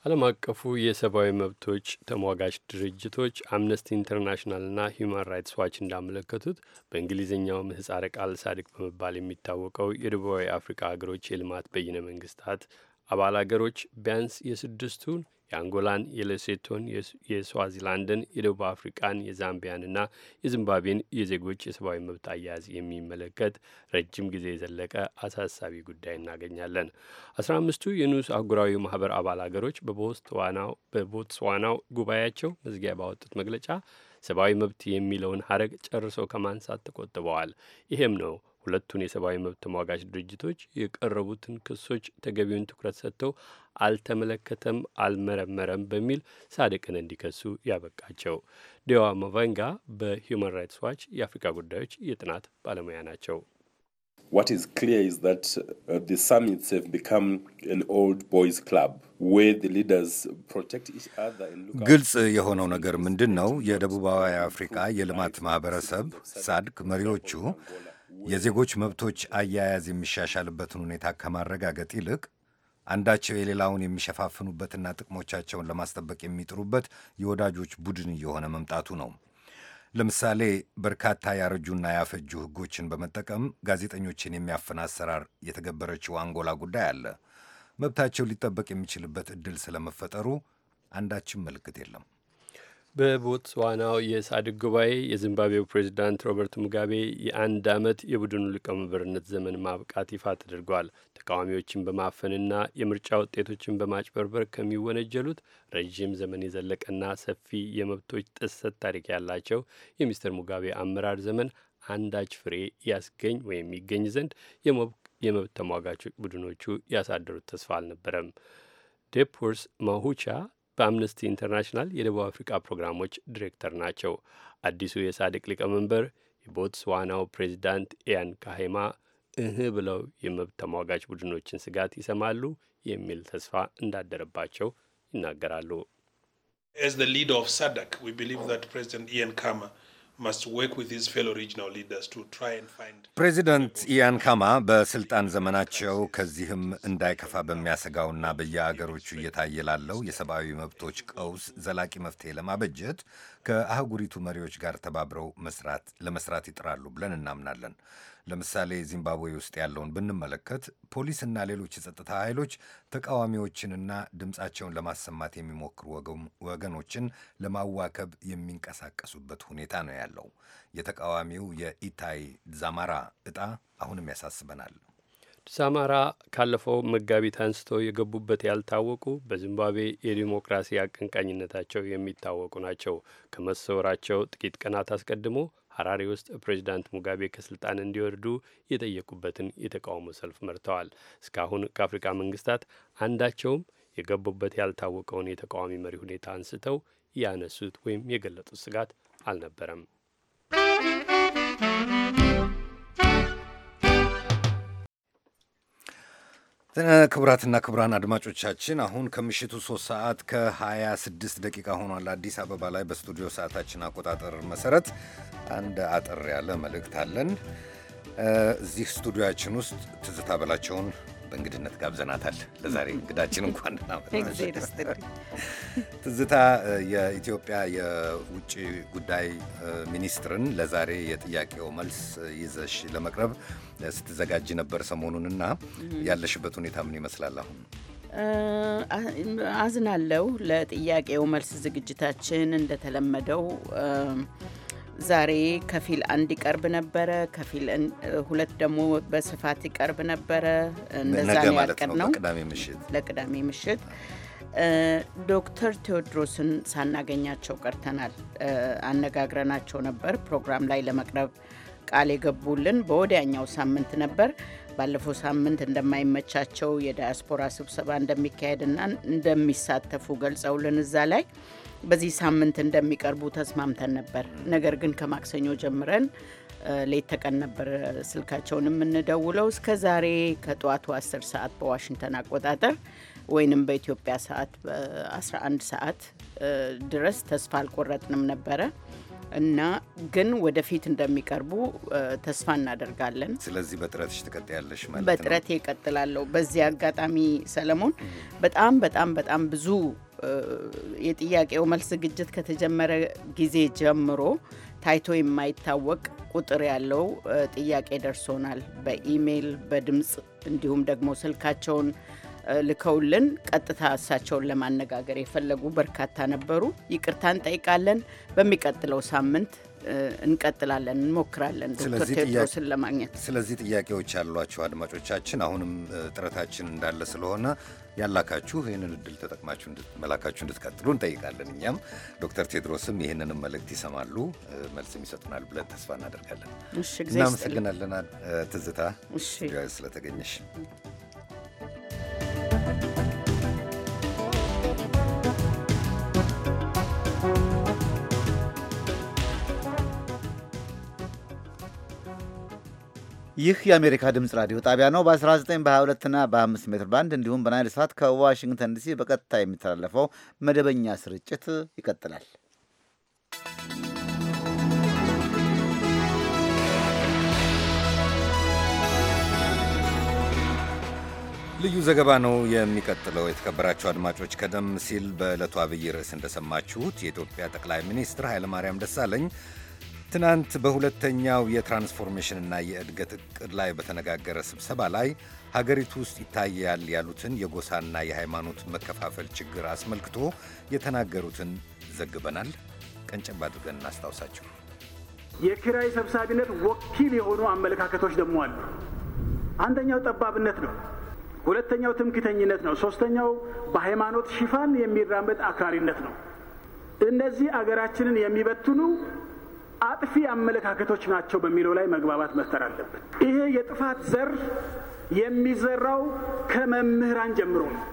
ዓለም አቀፉ የሰብአዊ መብቶች ተሟጋች ድርጅቶች አምነስቲ ኢንተርናሽናልና ሂዩማን ራይትስ ዋች እንዳመለከቱት በእንግሊዝኛው ምህጻረ ቃል ሳድቅ በመባል የሚታወቀው የደቡባዊ አፍሪካ ሀገሮች የልማት በይነ መንግስታት አባል አገሮች ቢያንስ የስድስቱን የአንጎላን፣ የሌሴቶን፣ የስዋዚላንድን፣ የደቡብ አፍሪቃን፣ የዛምቢያንና የዚምባብዌን የዜጎች የሰብአዊ መብት አያያዝ የሚመለከት ረጅም ጊዜ የዘለቀ አሳሳቢ ጉዳይ እናገኛለን። አስራ አምስቱ የንዑስ አህጉራዊ ማህበር አባል አገሮች በቦትስዋናው ጉባኤያቸው መዝጊያ ባወጡት መግለጫ ሰብአዊ መብት የሚለውን ሀረግ ጨርሰው ከማንሳት ተቆጥበዋል። ይህም ነው ሁለቱን የሰብአዊ መብት ተሟጋች ድርጅቶች የቀረቡትን ክሶች ተገቢውን ትኩረት ሰጥተው አልተመለከተም፣ አልመረመረም በሚል ሳድቅን እንዲከሱ ያበቃቸው። ዲዋ ማቫንጋ በሂዩማን ራይትስ ዋች የአፍሪካ ጉዳዮች የጥናት ባለሙያ ናቸው። What is clear is that uh, the summits have become an old boys club. ግልጽ የሆነው ነገር ምንድን ነው? የደቡባዊ አፍሪካ የልማት ማህበረሰብ ሳድክ መሪዎቹ የዜጎች መብቶች አያያዝ የሚሻሻልበትን ሁኔታ ከማረጋገጥ ይልቅ አንዳቸው የሌላውን የሚሸፋፍኑበትና ጥቅሞቻቸውን ለማስጠበቅ የሚጥሩበት የወዳጆች ቡድን እየሆነ መምጣቱ ነው። ለምሳሌ በርካታ ያረጁና ያፈጁ ሕጎችን በመጠቀም ጋዜጠኞችን የሚያፍን አሰራር የተገበረችው አንጎላ ጉዳይ አለ። መብታቸው ሊጠበቅ የሚችልበት ዕድል ስለመፈጠሩ አንዳችም ምልክት የለም። በቦትስዋናው የሳድቅ ጉባኤ የዚምባብዌው ፕሬዚዳንት ሮበርት ሙጋቤ የአንድ ዓመት የቡድኑ ሊቀመንበርነት ዘመን ማብቃት ይፋ ተደርጓል። ተቃዋሚዎችን በማፈንና የምርጫ ውጤቶችን በማጭበርበር ከሚወነጀሉት ረዥም ዘመን የዘለቀና ሰፊ የመብቶች ጥሰት ታሪክ ያላቸው የሚስተር ሙጋቤ አመራር ዘመን አንዳች ፍሬ ያስገኝ ወይም ይገኝ ዘንድ የመብት ተሟጋች ቡድኖቹ ያሳደሩት ተስፋ አልነበረም። ዴፖርስ ማሁቻ በአምነስቲ ኢንተርናሽናል የደቡብ አፍሪካ ፕሮግራሞች ዲሬክተር ናቸው። አዲሱ የሳድቅ ሊቀመንበር የቦትስዋናው ፕሬዚዳንት ኢያን ካሄማ እህ ብለው የመብት ተሟጋች ቡድኖችን ስጋት ይሰማሉ የሚል ተስፋ እንዳደረባቸው ይናገራሉ። As the leader of SADC, we believe that President Ian ፕሬዚደንት ኢያን ካማ በስልጣን ዘመናቸው ከዚህም እንዳይከፋ በሚያሰጋውና በየአገሮቹ እየታየ ላለው የሰብአዊ መብቶች ቀውስ ዘላቂ መፍትሄ ለማበጀት ከአህጉሪቱ መሪዎች ጋር ተባብረው ለመስራት ይጥራሉ ብለን እናምናለን። ለምሳሌ ዚምባብዌ ውስጥ ያለውን ብንመለከት ፖሊስና ሌሎች የጸጥታ ኃይሎች ተቃዋሚዎችንና ድምፃቸውን ለማሰማት የሚሞክሩ ወገኖችን ለማዋከብ የሚንቀሳቀሱበት ሁኔታ ነው ያለው። የተቃዋሚው የኢታይ ዛማራ እጣ አሁንም ያሳስበናል። ዛማራ ካለፈው መጋቢት አንስቶ የገቡበት ያልታወቁ በዚምባብዌ የዲሞክራሲ አቀንቃኝነታቸው የሚታወቁ ናቸው። ከመሰወራቸው ጥቂት ቀናት አስቀድሞ ሀራሪ ውስጥ ፕሬዚዳንት ሙጋቤ ከስልጣን እንዲወርዱ የጠየቁበትን የተቃውሞ ሰልፍ መርተዋል። እስካሁን ከአፍሪካ መንግስታት አንዳቸውም የገቡበት ያልታወቀውን የተቃዋሚ መሪ ሁኔታ አንስተው ያነሱት ወይም የገለጡት ስጋት አልነበረም። ክቡራትና ክቡራን አድማጮቻችን አሁን ከምሽቱ 3 ሰዓት ከ26 ደቂቃ ሆኗል። አዲስ አበባ ላይ በስቱዲዮ ሰዓታችን አቆጣጠር መሰረት አንድ አጠር ያለ መልእክት አለን። እዚህ ስቱዲዮችን ውስጥ ትዝታ በላቸውን በእንግድነት ጋብዘናታል። ለዛሬ እንግዳችን እንኳን ትዝታ የኢትዮጵያ የውጭ ጉዳይ ሚኒስትርን ለዛሬ የጥያቄው መልስ ይዘሽ ለመቅረብ ስትዘጋጅ ነበር ሰሞኑንና ያለሽበት ሁኔታ ምን ይመስላል አሁን? አዝናለው ለጥያቄው መልስ ዝግጅታችን እንደተለመደው ዛሬ ከፊል አንድ ይቀርብ ነበረ፣ ከፊል ሁለት ደግሞ በስፋት ይቀርብ ነበረ። እንደዛ ነው ያቀድነው ለቅዳሜ ምሽት። ዶክተር ቴዎድሮስን ሳናገኛቸው ቀርተናል። አነጋግረናቸው ነበር ፕሮግራም ላይ ለመቅረብ ቃል የገቡልን በወዲያኛው ሳምንት ነበር። ባለፈው ሳምንት እንደማይመቻቸው የዳያስፖራ ስብሰባ እንደሚካሄድና እንደሚሳተፉ ገልጸውልን እዛ ላይ በዚህ ሳምንት እንደሚቀርቡ ተስማምተን ነበር። ነገር ግን ከማክሰኞ ጀምረን ሌት ተቀን ነበር ስልካቸውን የምንደውለው እስከ ዛሬ ከጠዋቱ 10 ሰዓት በዋሽንግተን አቆጣጠር ወይንም በኢትዮጵያ ሰዓት በ11 ሰዓት ድረስ ተስፋ አልቆረጥንም ነበረ እና ግን ወደፊት እንደሚቀርቡ ተስፋ እናደርጋለን። ስለዚህ በጥረትሽ ትቀጥያለሽ ማለት ነው? በጥረት ይቀጥላለሁ። በዚህ አጋጣሚ ሰለሞን በጣም በጣም በጣም ብዙ የጥያቄው መልስ ዝግጅት ከተጀመረ ጊዜ ጀምሮ ታይቶ የማይታወቅ ቁጥር ያለው ጥያቄ ደርሶናል። በኢሜይል በድምፅ እንዲሁም ደግሞ ስልካቸውን ልከውልን ቀጥታ እሳቸውን ለማነጋገር የፈለጉ በርካታ ነበሩ። ይቅርታ እንጠይቃለን። በሚቀጥለው ሳምንት እንቀጥላለን፣ እንሞክራለን ዶክተር ለማግኘት። ስለዚህ ጥያቄዎች ያሏቸው አድማጮቻችን አሁንም ጥረታችን እንዳለ ስለሆነ ያላካችሁ ይህንን እድል ተጠቅማችሁ መላካችሁ እንድትቀጥሉ እንጠይቃለን። እኛም ዶክተር ቴድሮስም ይህንንም መልእክት ይሰማሉ፣ መልስም ይሰጡናል ብለን ተስፋ እናደርጋለን። እናመሰግናለን ትዝታ ስለተገኘሽ። ይህ የአሜሪካ ድምፅ ራዲዮ ጣቢያ ነው። በ19 በ22 እና በ25 ሜትር ባንድ እንዲሁም በናይል ሰዓት ከዋሽንግተን ዲሲ በቀጥታ የሚተላለፈው መደበኛ ስርጭት ይቀጥላል። ልዩ ዘገባ ነው የሚቀጥለው። የተከበራችሁ አድማጮች፣ ቀደም ሲል በዕለቱ አብይ ርዕስ እንደሰማችሁት የኢትዮጵያ ጠቅላይ ሚኒስትር ኃይለማርያም ደሳለኝ ትናንት በሁለተኛው የትራንስፎርሜሽንና የእድገት እቅድ ላይ በተነጋገረ ስብሰባ ላይ ሀገሪቱ ውስጥ ይታያል ያሉትን የጎሳና የሃይማኖት መከፋፈል ችግር አስመልክቶ የተናገሩትን ዘግበናል። ቀንጨብ አድርገን እናስታውሳቸው። የኪራይ ሰብሳቢነት ወኪል የሆኑ አመለካከቶች ደግሞ አሉ። አንደኛው ጠባብነት ነው። ሁለተኛው ትምክተኝነት ነው። ሶስተኛው በሃይማኖት ሽፋን የሚራመድ አክራሪነት ነው። እነዚህ አገራችንን የሚበትኑ አጥፊ አመለካከቶች ናቸው በሚለው ላይ መግባባት መፍጠር አለብን። ይሄ የጥፋት ዘር የሚዘራው ከመምህራን ጀምሮ ነው።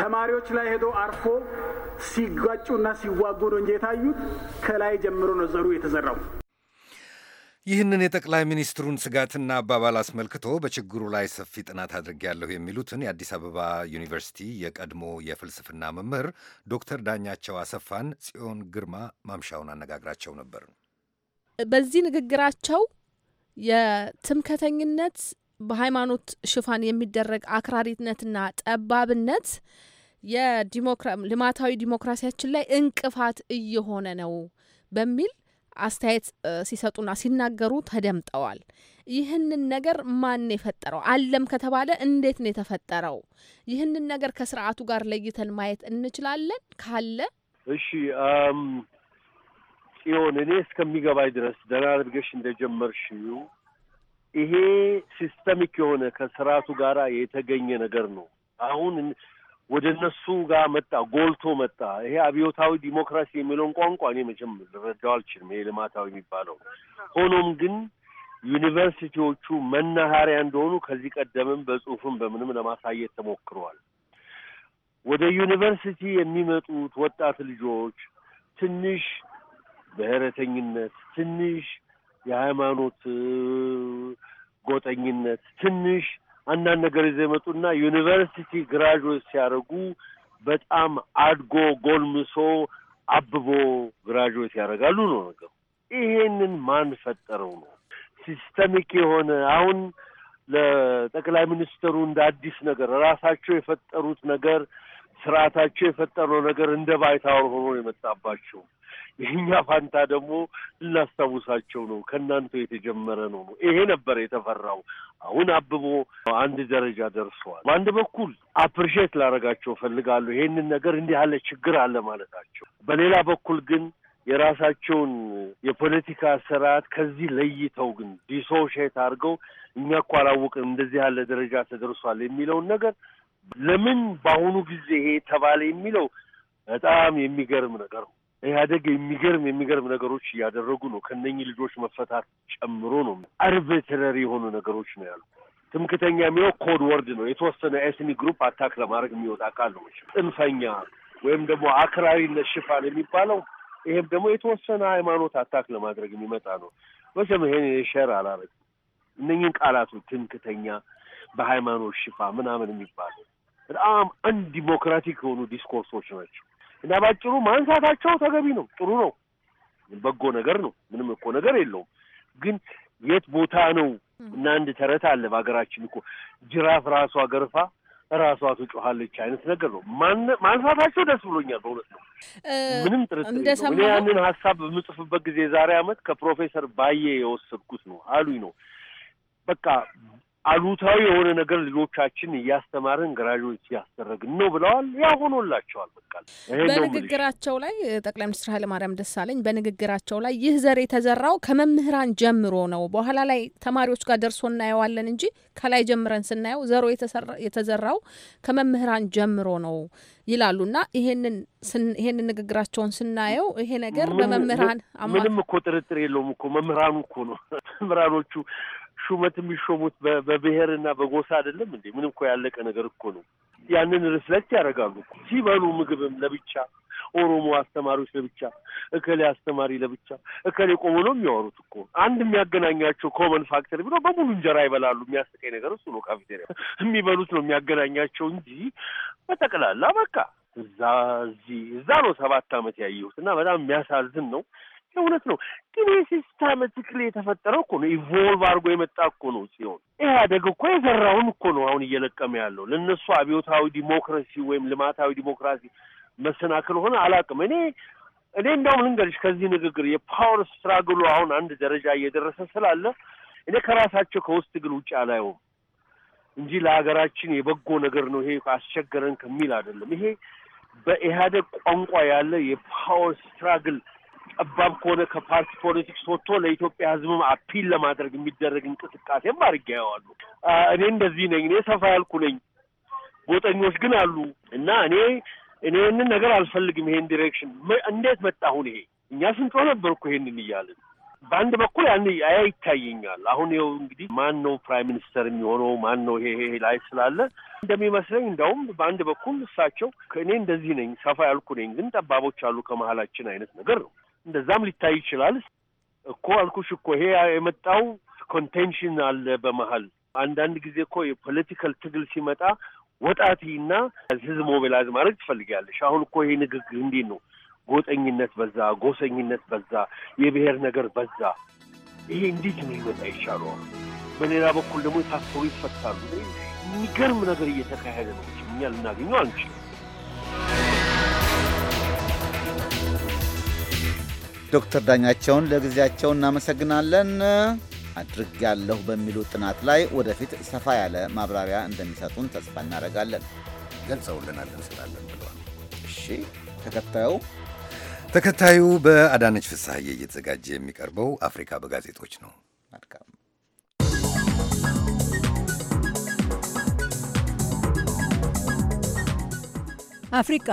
ተማሪዎች ላይ ሄዶ አርፎ ሲጋጩና ሲዋጉ ነው እንጂ የታዩት ከላይ ጀምሮ ነው ዘሩ የተዘራው። ይህንን የጠቅላይ ሚኒስትሩን ስጋትና አባባል አስመልክቶ በችግሩ ላይ ሰፊ ጥናት አድርጌያለሁ የሚሉትን የአዲስ አበባ ዩኒቨርሲቲ የቀድሞ የፍልስፍና መምህር ዶክተር ዳኛቸው አሰፋን ጽዮን ግርማ ማምሻውን አነጋግራቸው ነበር። በዚህ ንግግራቸው የትምከተኝነት በሃይማኖት ሽፋን የሚደረግ አክራሪነትና ጠባብነት የዲሞክራ ልማታዊ ዲሞክራሲያችን ላይ እንቅፋት እየሆነ ነው በሚል አስተያየት ሲሰጡና ሲናገሩ ተደምጠዋል። ይህንን ነገር ማን የፈጠረው አለም ከተባለ እንዴት ነው የተፈጠረው? ይህንን ነገር ከስርዓቱ ጋር ለይተን ማየት እንችላለን ካለ እሺ ጽዮን፣ እኔ እስከሚገባኝ ድረስ ደህና አድርገሽ እንደጀመርሽው ይሄ ሲስተሚክ የሆነ ከስርዓቱ ጋር የተገኘ ነገር ነው። አሁን ወደ እነሱ ጋር መጣ፣ ጎልቶ መጣ። ይሄ አብዮታዊ ዲሞክራሲ የሚለውን ቋንቋ እኔ መቼም ልረዳው አልችልም፣ ይሄ ልማታዊ የሚባለው ሆኖም ግን ዩኒቨርሲቲዎቹ መናኸሪያ እንደሆኑ ከዚህ ቀደምም በጽሁፍም በምንም ለማሳየት ተሞክረዋል። ወደ ዩኒቨርሲቲ የሚመጡት ወጣት ልጆች ትንሽ ብሔረተኝነት፣ ትንሽ የሃይማኖት ጎጠኝነት፣ ትንሽ አንዳንድ ነገር ይዘው የመጡና ዩኒቨርሲቲ ግራጁዌት ሲያደርጉ በጣም አድጎ ጎልምሶ አብቦ ግራጁዌት ያደርጋሉ ነው ነገሩ። ይሄንን ማን ፈጠረው ነው ሲስተሚክ የሆነ አሁን ለጠቅላይ ሚኒስትሩ እንደ አዲስ ነገር ራሳቸው የፈጠሩት ነገር ስርዓታቸው የፈጠረው ነገር እንደ ባይታወር ሆኖ የመጣባቸው ይህኛ ፋንታ ደግሞ ልናስታውሳቸው ነው። ከእናንተ የተጀመረ ነው ነው። ይሄ ነበር የተፈራው። አሁን አብቦ አንድ ደረጃ ደርሰዋል። በአንድ በኩል አፕሪሼት ላደርጋቸው እፈልጋለሁ ይሄንን ነገር እንዲህ ያለ ችግር አለ ማለታቸው፣ በሌላ በኩል ግን የራሳቸውን የፖለቲካ ስርዓት ከዚህ ለይተው ግን ዲሶሼት አድርገው እኛ እኮ እንደዚህ ያለ ደረጃ ተደርሷል የሚለውን ነገር ለምን በአሁኑ ጊዜ ይሄ ተባለ የሚለው በጣም የሚገርም ነገር ነው። ኢህአዴግ የሚገርም የሚገርም ነገሮች እያደረጉ ነው። ከነኚህ ልጆች መፈታት ጨምሮ ነው። አርቢትረሪ የሆኑ ነገሮች ነው ያሉ። ትምክተኛ የሚለው ኮድ ወርድ ነው። የተወሰነ ኤትኒ ግሩፕ አታክ ለማድረግ የሚወጣ ቃል ነው። ጽንፈኛ ወይም ደግሞ አክራሪነት ሽፋን የሚባለው ይሄም ደግሞ የተወሰነ ሃይማኖት አታክ ለማድረግ የሚመጣ ነው። መቼም ይሄን የሸር አላረግ እነኝን ቃላቱ ትምክተኛ፣ በሃይማኖት ሽፋ ምናምን የሚባለው በጣም አንዲሞክራቲክ የሆኑ ዲስኮርሶች ናቸው። እና ባጭሩ ማንሳታቸው ተገቢ ነው፣ ጥሩ ነው፣ በጎ ነገር ነው። ምንም እኮ ነገር የለውም። ግን የት ቦታ ነው እና አንድ ተረት አለ በሀገራችን እኮ ጅራፍ ራሷ ገርፋ ራሷ ትጮሃለች አይነት ነገር ነው። ማንሳታቸው ደስ ብሎኛል፣ በእውነት ነው። ምንም ጥርጥር እኔ ያንን ሀሳብ በምጽፍበት ጊዜ የዛሬ አመት ከፕሮፌሰር ባዬ የወሰድኩት ነው አሉኝ ነው በቃ አሉታዊ የሆነ ነገር ልጆቻችን እያስተማርን ግራጆች እያስደረግን ነው ብለዋል። ያ ሆኖላቸዋል። በቃ በንግግራቸው ላይ ጠቅላይ ሚኒስትር ኃይለማርያም ደሳለኝ በንግግራቸው ላይ ይህ ዘር የተዘራው ከመምህራን ጀምሮ ነው፣ በኋላ ላይ ተማሪዎች ጋር ደርሶ እናየዋለን እንጂ ከላይ ጀምረን ስናየው ዘሮ የተዘራው ከመምህራን ጀምሮ ነው ይላሉ እና ይሄንን ይሄንን ንግግራቸውን ስናየው ይሄ ነገር በመምህራን ምንም እኮ ጥርጥር የለውም እኮ መምህራኑ እኮ ነው መምህራኖቹ ሹመት የሚሾሙት በብሔርና በጎሳ አይደለም እንዴ? ምንም እኮ ያለቀ ነገር እኮ ነው። ያንን ሪፍሌክት ያደርጋሉ ሲበሉ ምግብም ለብቻ ኦሮሞ አስተማሪዎች ለብቻ፣ እከሌ አስተማሪ ለብቻ፣ እከሌ ቆሞ ነው የሚያወሩት እኮ። አንድ የሚያገናኛቸው ኮመን ፋክተር ቢኖር በሙሉ እንጀራ ይበላሉ። የሚያስቀኝ ነገር እሱ ነው። ካፌቴሪያ የሚበሉት ነው የሚያገናኛቸው እንጂ በጠቅላላ በቃ እዛ እዚህ እዛ ነው ሰባት ዓመት ያየሁት እና በጣም የሚያሳዝን ነው። የእውነት ነው ግን ሲስተማቲክሊ የተፈጠረው እኮ ነው። ኢቮልቭ አድርጎ የመጣ እኮ ነው ሲሆን ኢህአደግ እኮ የዘራውን እኮ ነው አሁን እየለቀመ ያለው። ለእነሱ አብዮታዊ ዲሞክራሲ ወይም ልማታዊ ዲሞክራሲ መሰናክል ሆነ አላውቅም። እኔ እኔ እንደውም ልንገርሽ ከዚህ ንግግር የፓወር ስትራግሉ አሁን አንድ ደረጃ እየደረሰ ስላለ እኔ ከራሳቸው ከውስጥ ግል ውጭ አላየውም እንጂ ለሀገራችን የበጎ ነገር ነው ይሄ አስቸገረን ከሚል አይደለም። ይሄ በኢህአደግ ቋንቋ ያለ የፓወር ስትራግል ጠባብ ከሆነ ከፓርቲ ፖለቲክስ ወጥቶ ለኢትዮጵያ ሕዝብም አፒል ለማድረግ የሚደረግ እንቅስቃሴም አድርጌ ያዋሉ። እኔ እንደዚህ ነኝ። እኔ ሰፋ ያልኩ ነኝ። ጎጠኞች ግን አሉ እና እኔ እኔ ይህንን ነገር አልፈልግም። ይሄን ዲሬክሽን እንዴት መጣሁን? ይሄ እኛ ስንጮህ ነበርኩ ይሄንን እያልን በአንድ በኩል ያን አያ ይታየኛል። አሁን ይኸው እንግዲህ ማን ነው ፕራይም ሚኒስተር የሚሆነው ማን ነው ይሄ ይሄ ላይ ስላለ እንደሚመስለኝ እንደውም በአንድ በኩል እሳቸው ከእኔ እንደዚህ ነኝ ሰፋ ያልኩ ነኝ፣ ግን ጠባቦች አሉ ከመሀላችን አይነት ነገር ነው። እንደዛም ሊታይ ይችላል እኮ አልኩሽ እኮ ይሄ የመጣው ኮንቴንሽን አለ በመሀል አንዳንድ ጊዜ እኮ የፖለቲካል ትግል ሲመጣ ወጣቲና ህዝብ ሞቢላይዝ ማድረግ ትፈልጊያለሽ። አሁን እኮ ይሄ ንግግር እንዲህ ነው፣ ጎጠኝነት በዛ፣ ጎሰኝነት በዛ፣ የብሔር ነገር በዛ። ይሄ እንዴት ነው ይመጣ ይቻለዋል? በሌላ በኩል ደግሞ የታሰሩ ይፈታሉ። የሚገርም ነገር እየተካሄደ ነው። እኛ ልናገኘው አንችልም። ዶክተር ዳኛቸውን ለጊዜያቸው እናመሰግናለን። አድርግ ያለሁ በሚሉ ጥናት ላይ ወደፊት ሰፋ ያለ ማብራሪያ እንደሚሰጡን ተስፋ እናደርጋለን። ገልጸውልናል፣ እንስላለን ብለዋል። እሺ፣ ተከታዩ ተከታዩ በአዳነች ፍስሐዬ እየተዘጋጀ የሚቀርበው አፍሪካ በጋዜጦች ነው። አፍሪቃ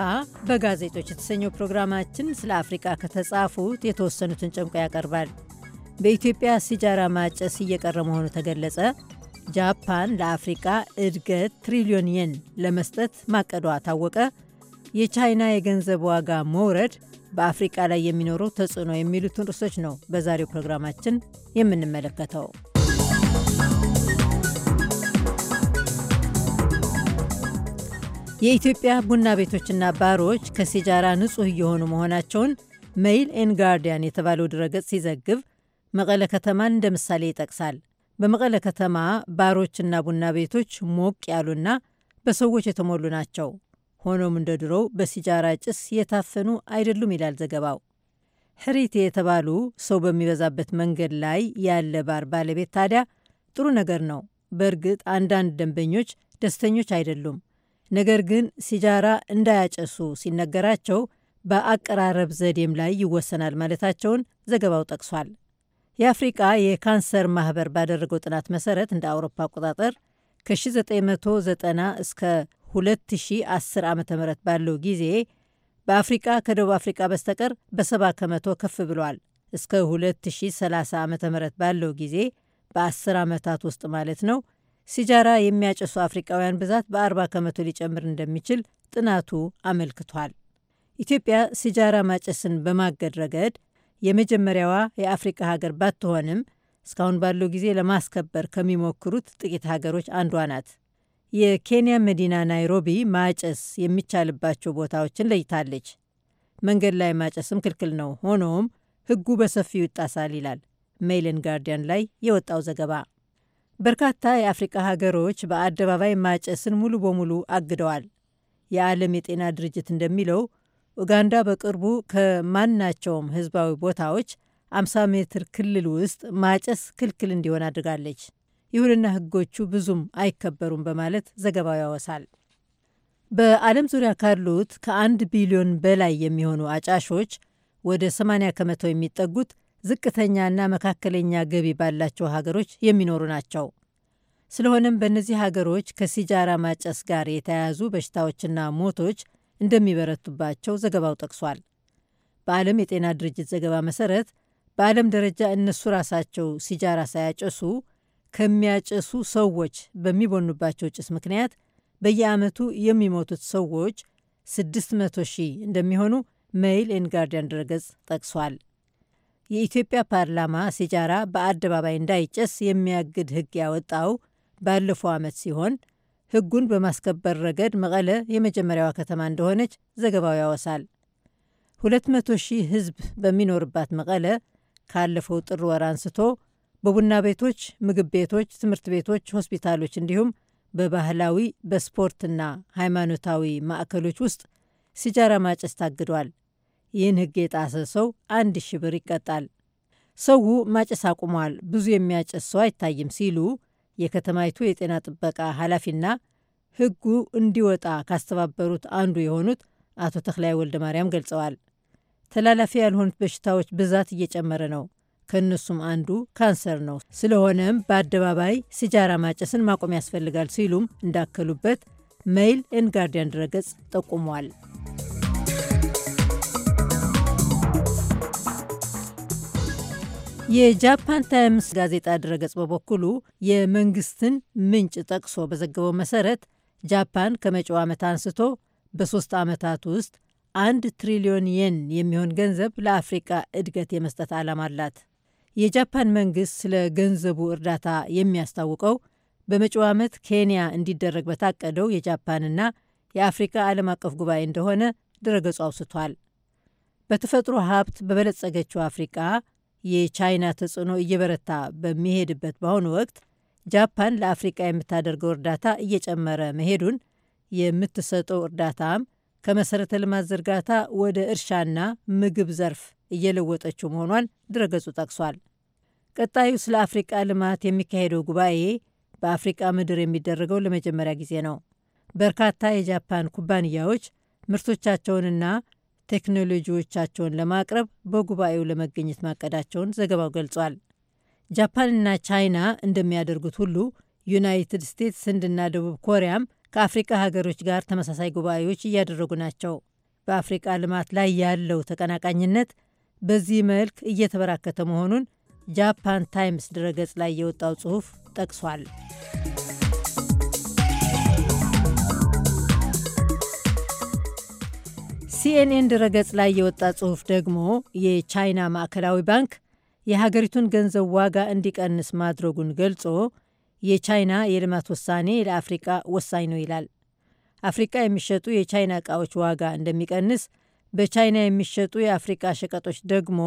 በጋዜጦች የተሰኘው ፕሮግራማችን ስለ አፍሪቃ ከተጻፉት የተወሰኑትን ጨምቆ ያቀርባል። በኢትዮጵያ ሲጃራ ማጨስ እየቀረ መሆኑ ተገለጸ፣ ጃፓን ለአፍሪቃ እድገት ትሪሊዮን የን ለመስጠት ማቀዷ ታወቀ፣ የቻይና የገንዘብ ዋጋ መውረድ በአፍሪቃ ላይ የሚኖረው ተጽዕኖ የሚሉትን ርዕሶች ነው በዛሬው ፕሮግራማችን የምንመለከተው። የኢትዮጵያ ቡና ቤቶችና ባሮች ከሲጃራ ንጹህ እየሆኑ መሆናቸውን ሜይል ኤን ጋርዲያን የተባለው ድረገጽ ሲዘግብ መቀለ ከተማን እንደ ምሳሌ ይጠቅሳል። በመቀለ ከተማ ባሮችና ቡና ቤቶች ሞቅ ያሉና በሰዎች የተሞሉ ናቸው። ሆኖም እንደ ድሮው በሲጃራ ጭስ የታፈኑ አይደሉም ይላል ዘገባው። ሕሪቴ የተባሉ ሰው በሚበዛበት መንገድ ላይ ያለ ባር ባለቤት ታዲያ ጥሩ ነገር ነው፣ በእርግጥ አንዳንድ ደንበኞች ደስተኞች አይደሉም ነገር ግን ሲጃራ እንዳያጨሱ ሲነገራቸው በአቀራረብ ዘዴም ላይ ይወሰናል ማለታቸውን ዘገባው ጠቅሷል። የአፍሪቃ የካንሰር ማህበር ባደረገው ጥናት መሰረት እንደ አውሮፓ አቆጣጠር ከ1990 እስከ 2010 ዓ ም ባለው ጊዜ በአፍሪቃ ከደቡብ አፍሪቃ በስተቀር በ70 ከመቶ ከፍ ብሏል። እስከ 2030 ዓ ም ባለው ጊዜ በ10 ዓመታት ውስጥ ማለት ነው ሲጃራ የሚያጨሱ አፍሪቃውያን ብዛት በ40 ከመቶ ሊጨምር እንደሚችል ጥናቱ አመልክቷል። ኢትዮጵያ ሲጃራ ማጨስን በማገድ ረገድ የመጀመሪያዋ የአፍሪቃ ሀገር ባትሆንም እስካሁን ባለው ጊዜ ለማስከበር ከሚሞክሩት ጥቂት ሀገሮች አንዷ ናት። የኬንያ መዲና ናይሮቢ ማጨስ የሚቻልባቸው ቦታዎችን ለይታለች። መንገድ ላይ ማጨስም ክልክል ነው፣ ሆኖም ሕጉ በሰፊው ይጣሳል ይላል ሜይልን ጋርዲያን ላይ የወጣው ዘገባ። በርካታ የአፍሪቃ ሀገሮች በአደባባይ ማጨስን ሙሉ በሙሉ አግደዋል። የዓለም የጤና ድርጅት እንደሚለው ኡጋንዳ በቅርቡ ከማናቸውም ህዝባዊ ቦታዎች 50 ሜትር ክልል ውስጥ ማጨስ ክልክል እንዲሆን አድርጋለች። ይሁንና ህጎቹ ብዙም አይከበሩም በማለት ዘገባው ያወሳል። በዓለም ዙሪያ ካሉት ከአንድ ቢሊዮን በላይ የሚሆኑ አጫሾች ወደ 80 ከመቶ የሚጠጉት ዝቅተኛና መካከለኛ ገቢ ባላቸው ሀገሮች የሚኖሩ ናቸው። ስለሆነም በእነዚህ ሀገሮች ከሲጃራ ማጨስ ጋር የተያያዙ በሽታዎችና ሞቶች እንደሚበረቱባቸው ዘገባው ጠቅሷል። በዓለም የጤና ድርጅት ዘገባ መሰረት በዓለም ደረጃ እነሱ ራሳቸው ሲጃራ ሳያጨሱ ከሚያጨሱ ሰዎች በሚቦኑባቸው ጭስ ምክንያት በየዓመቱ የሚሞቱት ሰዎች 600 ሺህ እንደሚሆኑ ሜይል ኤንድ ጋርዲያን ድረገጽ ጠቅሷል። የኢትዮጵያ ፓርላማ ሲጃራ በአደባባይ እንዳይጨስ የሚያግድ ሕግ ያወጣው ባለፈው ዓመት ሲሆን ሕጉን በማስከበር ረገድ መቀለ የመጀመሪያዋ ከተማ እንደሆነች ዘገባው ያወሳል። 200 ሺህ ሕዝብ በሚኖርባት መቀለ ካለፈው ጥር ወር አንስቶ በቡና ቤቶች፣ ምግብ ቤቶች፣ ትምህርት ቤቶች፣ ሆስፒታሎች እንዲሁም በባህላዊ በስፖርትና ሃይማኖታዊ ማዕከሎች ውስጥ ሲጃራ ማጨስ ታግዷል። ይህን ህግ የጣሰ ሰው አንድ ሺ ብር ይቀጣል። ሰው ማጨስ አቁሟል፣ ብዙ የሚያጨስ ሰው አይታይም ሲሉ የከተማይቱ የጤና ጥበቃ ኃላፊና ህጉ እንዲወጣ ካስተባበሩት አንዱ የሆኑት አቶ ተክላይ ወልደ ማርያም ገልጸዋል። ተላላፊ ያልሆኑት በሽታዎች ብዛት እየጨመረ ነው። ከእነሱም አንዱ ካንሰር ነው። ስለሆነም በአደባባይ ሲጃራ ማጨስን ማቆም ያስፈልጋል ሲሉም እንዳከሉበት ሜይል ኤንድ ጋርዲያን ድረገጽ ጠቁሟል። የጃፓን ታይምስ ጋዜጣ ድረገጽ በበኩሉ የመንግስትን ምንጭ ጠቅሶ በዘገበው መሰረት ጃፓን ከመጪው ዓመት አንስቶ በሶስት ዓመታት ውስጥ አንድ ትሪሊዮን የን የሚሆን ገንዘብ ለአፍሪቃ እድገት የመስጠት ዓላማ አላት። የጃፓን መንግስት ስለ ገንዘቡ እርዳታ የሚያስታውቀው በመጪው ዓመት ኬንያ እንዲደረግ በታቀደው የጃፓንና የአፍሪካ ዓለም አቀፍ ጉባኤ እንደሆነ ድረገጹ አውስቷል። በተፈጥሮ ሀብት በበለጸገችው አፍሪቃ የቻይና ተጽዕኖ እየበረታ በሚሄድበት በአሁኑ ወቅት ጃፓን ለአፍሪቃ የምታደርገው እርዳታ እየጨመረ መሄዱን፣ የምትሰጠው እርዳታም ከመሰረተ ልማት ዝርጋታ ወደ እርሻና ምግብ ዘርፍ እየለወጠችው መሆኗን ድረገጹ ጠቅሷል። ቀጣዩ ስለ አፍሪቃ ልማት የሚካሄደው ጉባኤ በአፍሪቃ ምድር የሚደረገው ለመጀመሪያ ጊዜ ነው። በርካታ የጃፓን ኩባንያዎች ምርቶቻቸውንና ቴክኖሎጂዎቻቸውን ለማቅረብ በጉባኤው ለመገኘት ማቀዳቸውን ዘገባው ገልጿል። ጃፓንና ቻይና እንደሚያደርጉት ሁሉ ዩናይትድ ስቴትስ፣ ህንድና ደቡብ ኮሪያም ከአፍሪቃ ሀገሮች ጋር ተመሳሳይ ጉባኤዎች እያደረጉ ናቸው። በአፍሪቃ ልማት ላይ ያለው ተቀናቃኝነት በዚህ መልክ እየተበራከተ መሆኑን ጃፓን ታይምስ ድረገጽ ላይ የወጣው ጽሑፍ ጠቅሷል። ሲኤንኤን ድረገጽ ላይ የወጣ ጽሑፍ ደግሞ የቻይና ማዕከላዊ ባንክ የሀገሪቱን ገንዘብ ዋጋ እንዲቀንስ ማድረጉን ገልጾ የቻይና የልማት ውሳኔ ለአፍሪቃ ወሳኝ ነው ይላል። አፍሪቃ የሚሸጡ የቻይና እቃዎች ዋጋ እንደሚቀንስ፣ በቻይና የሚሸጡ የአፍሪቃ ሸቀጦች ደግሞ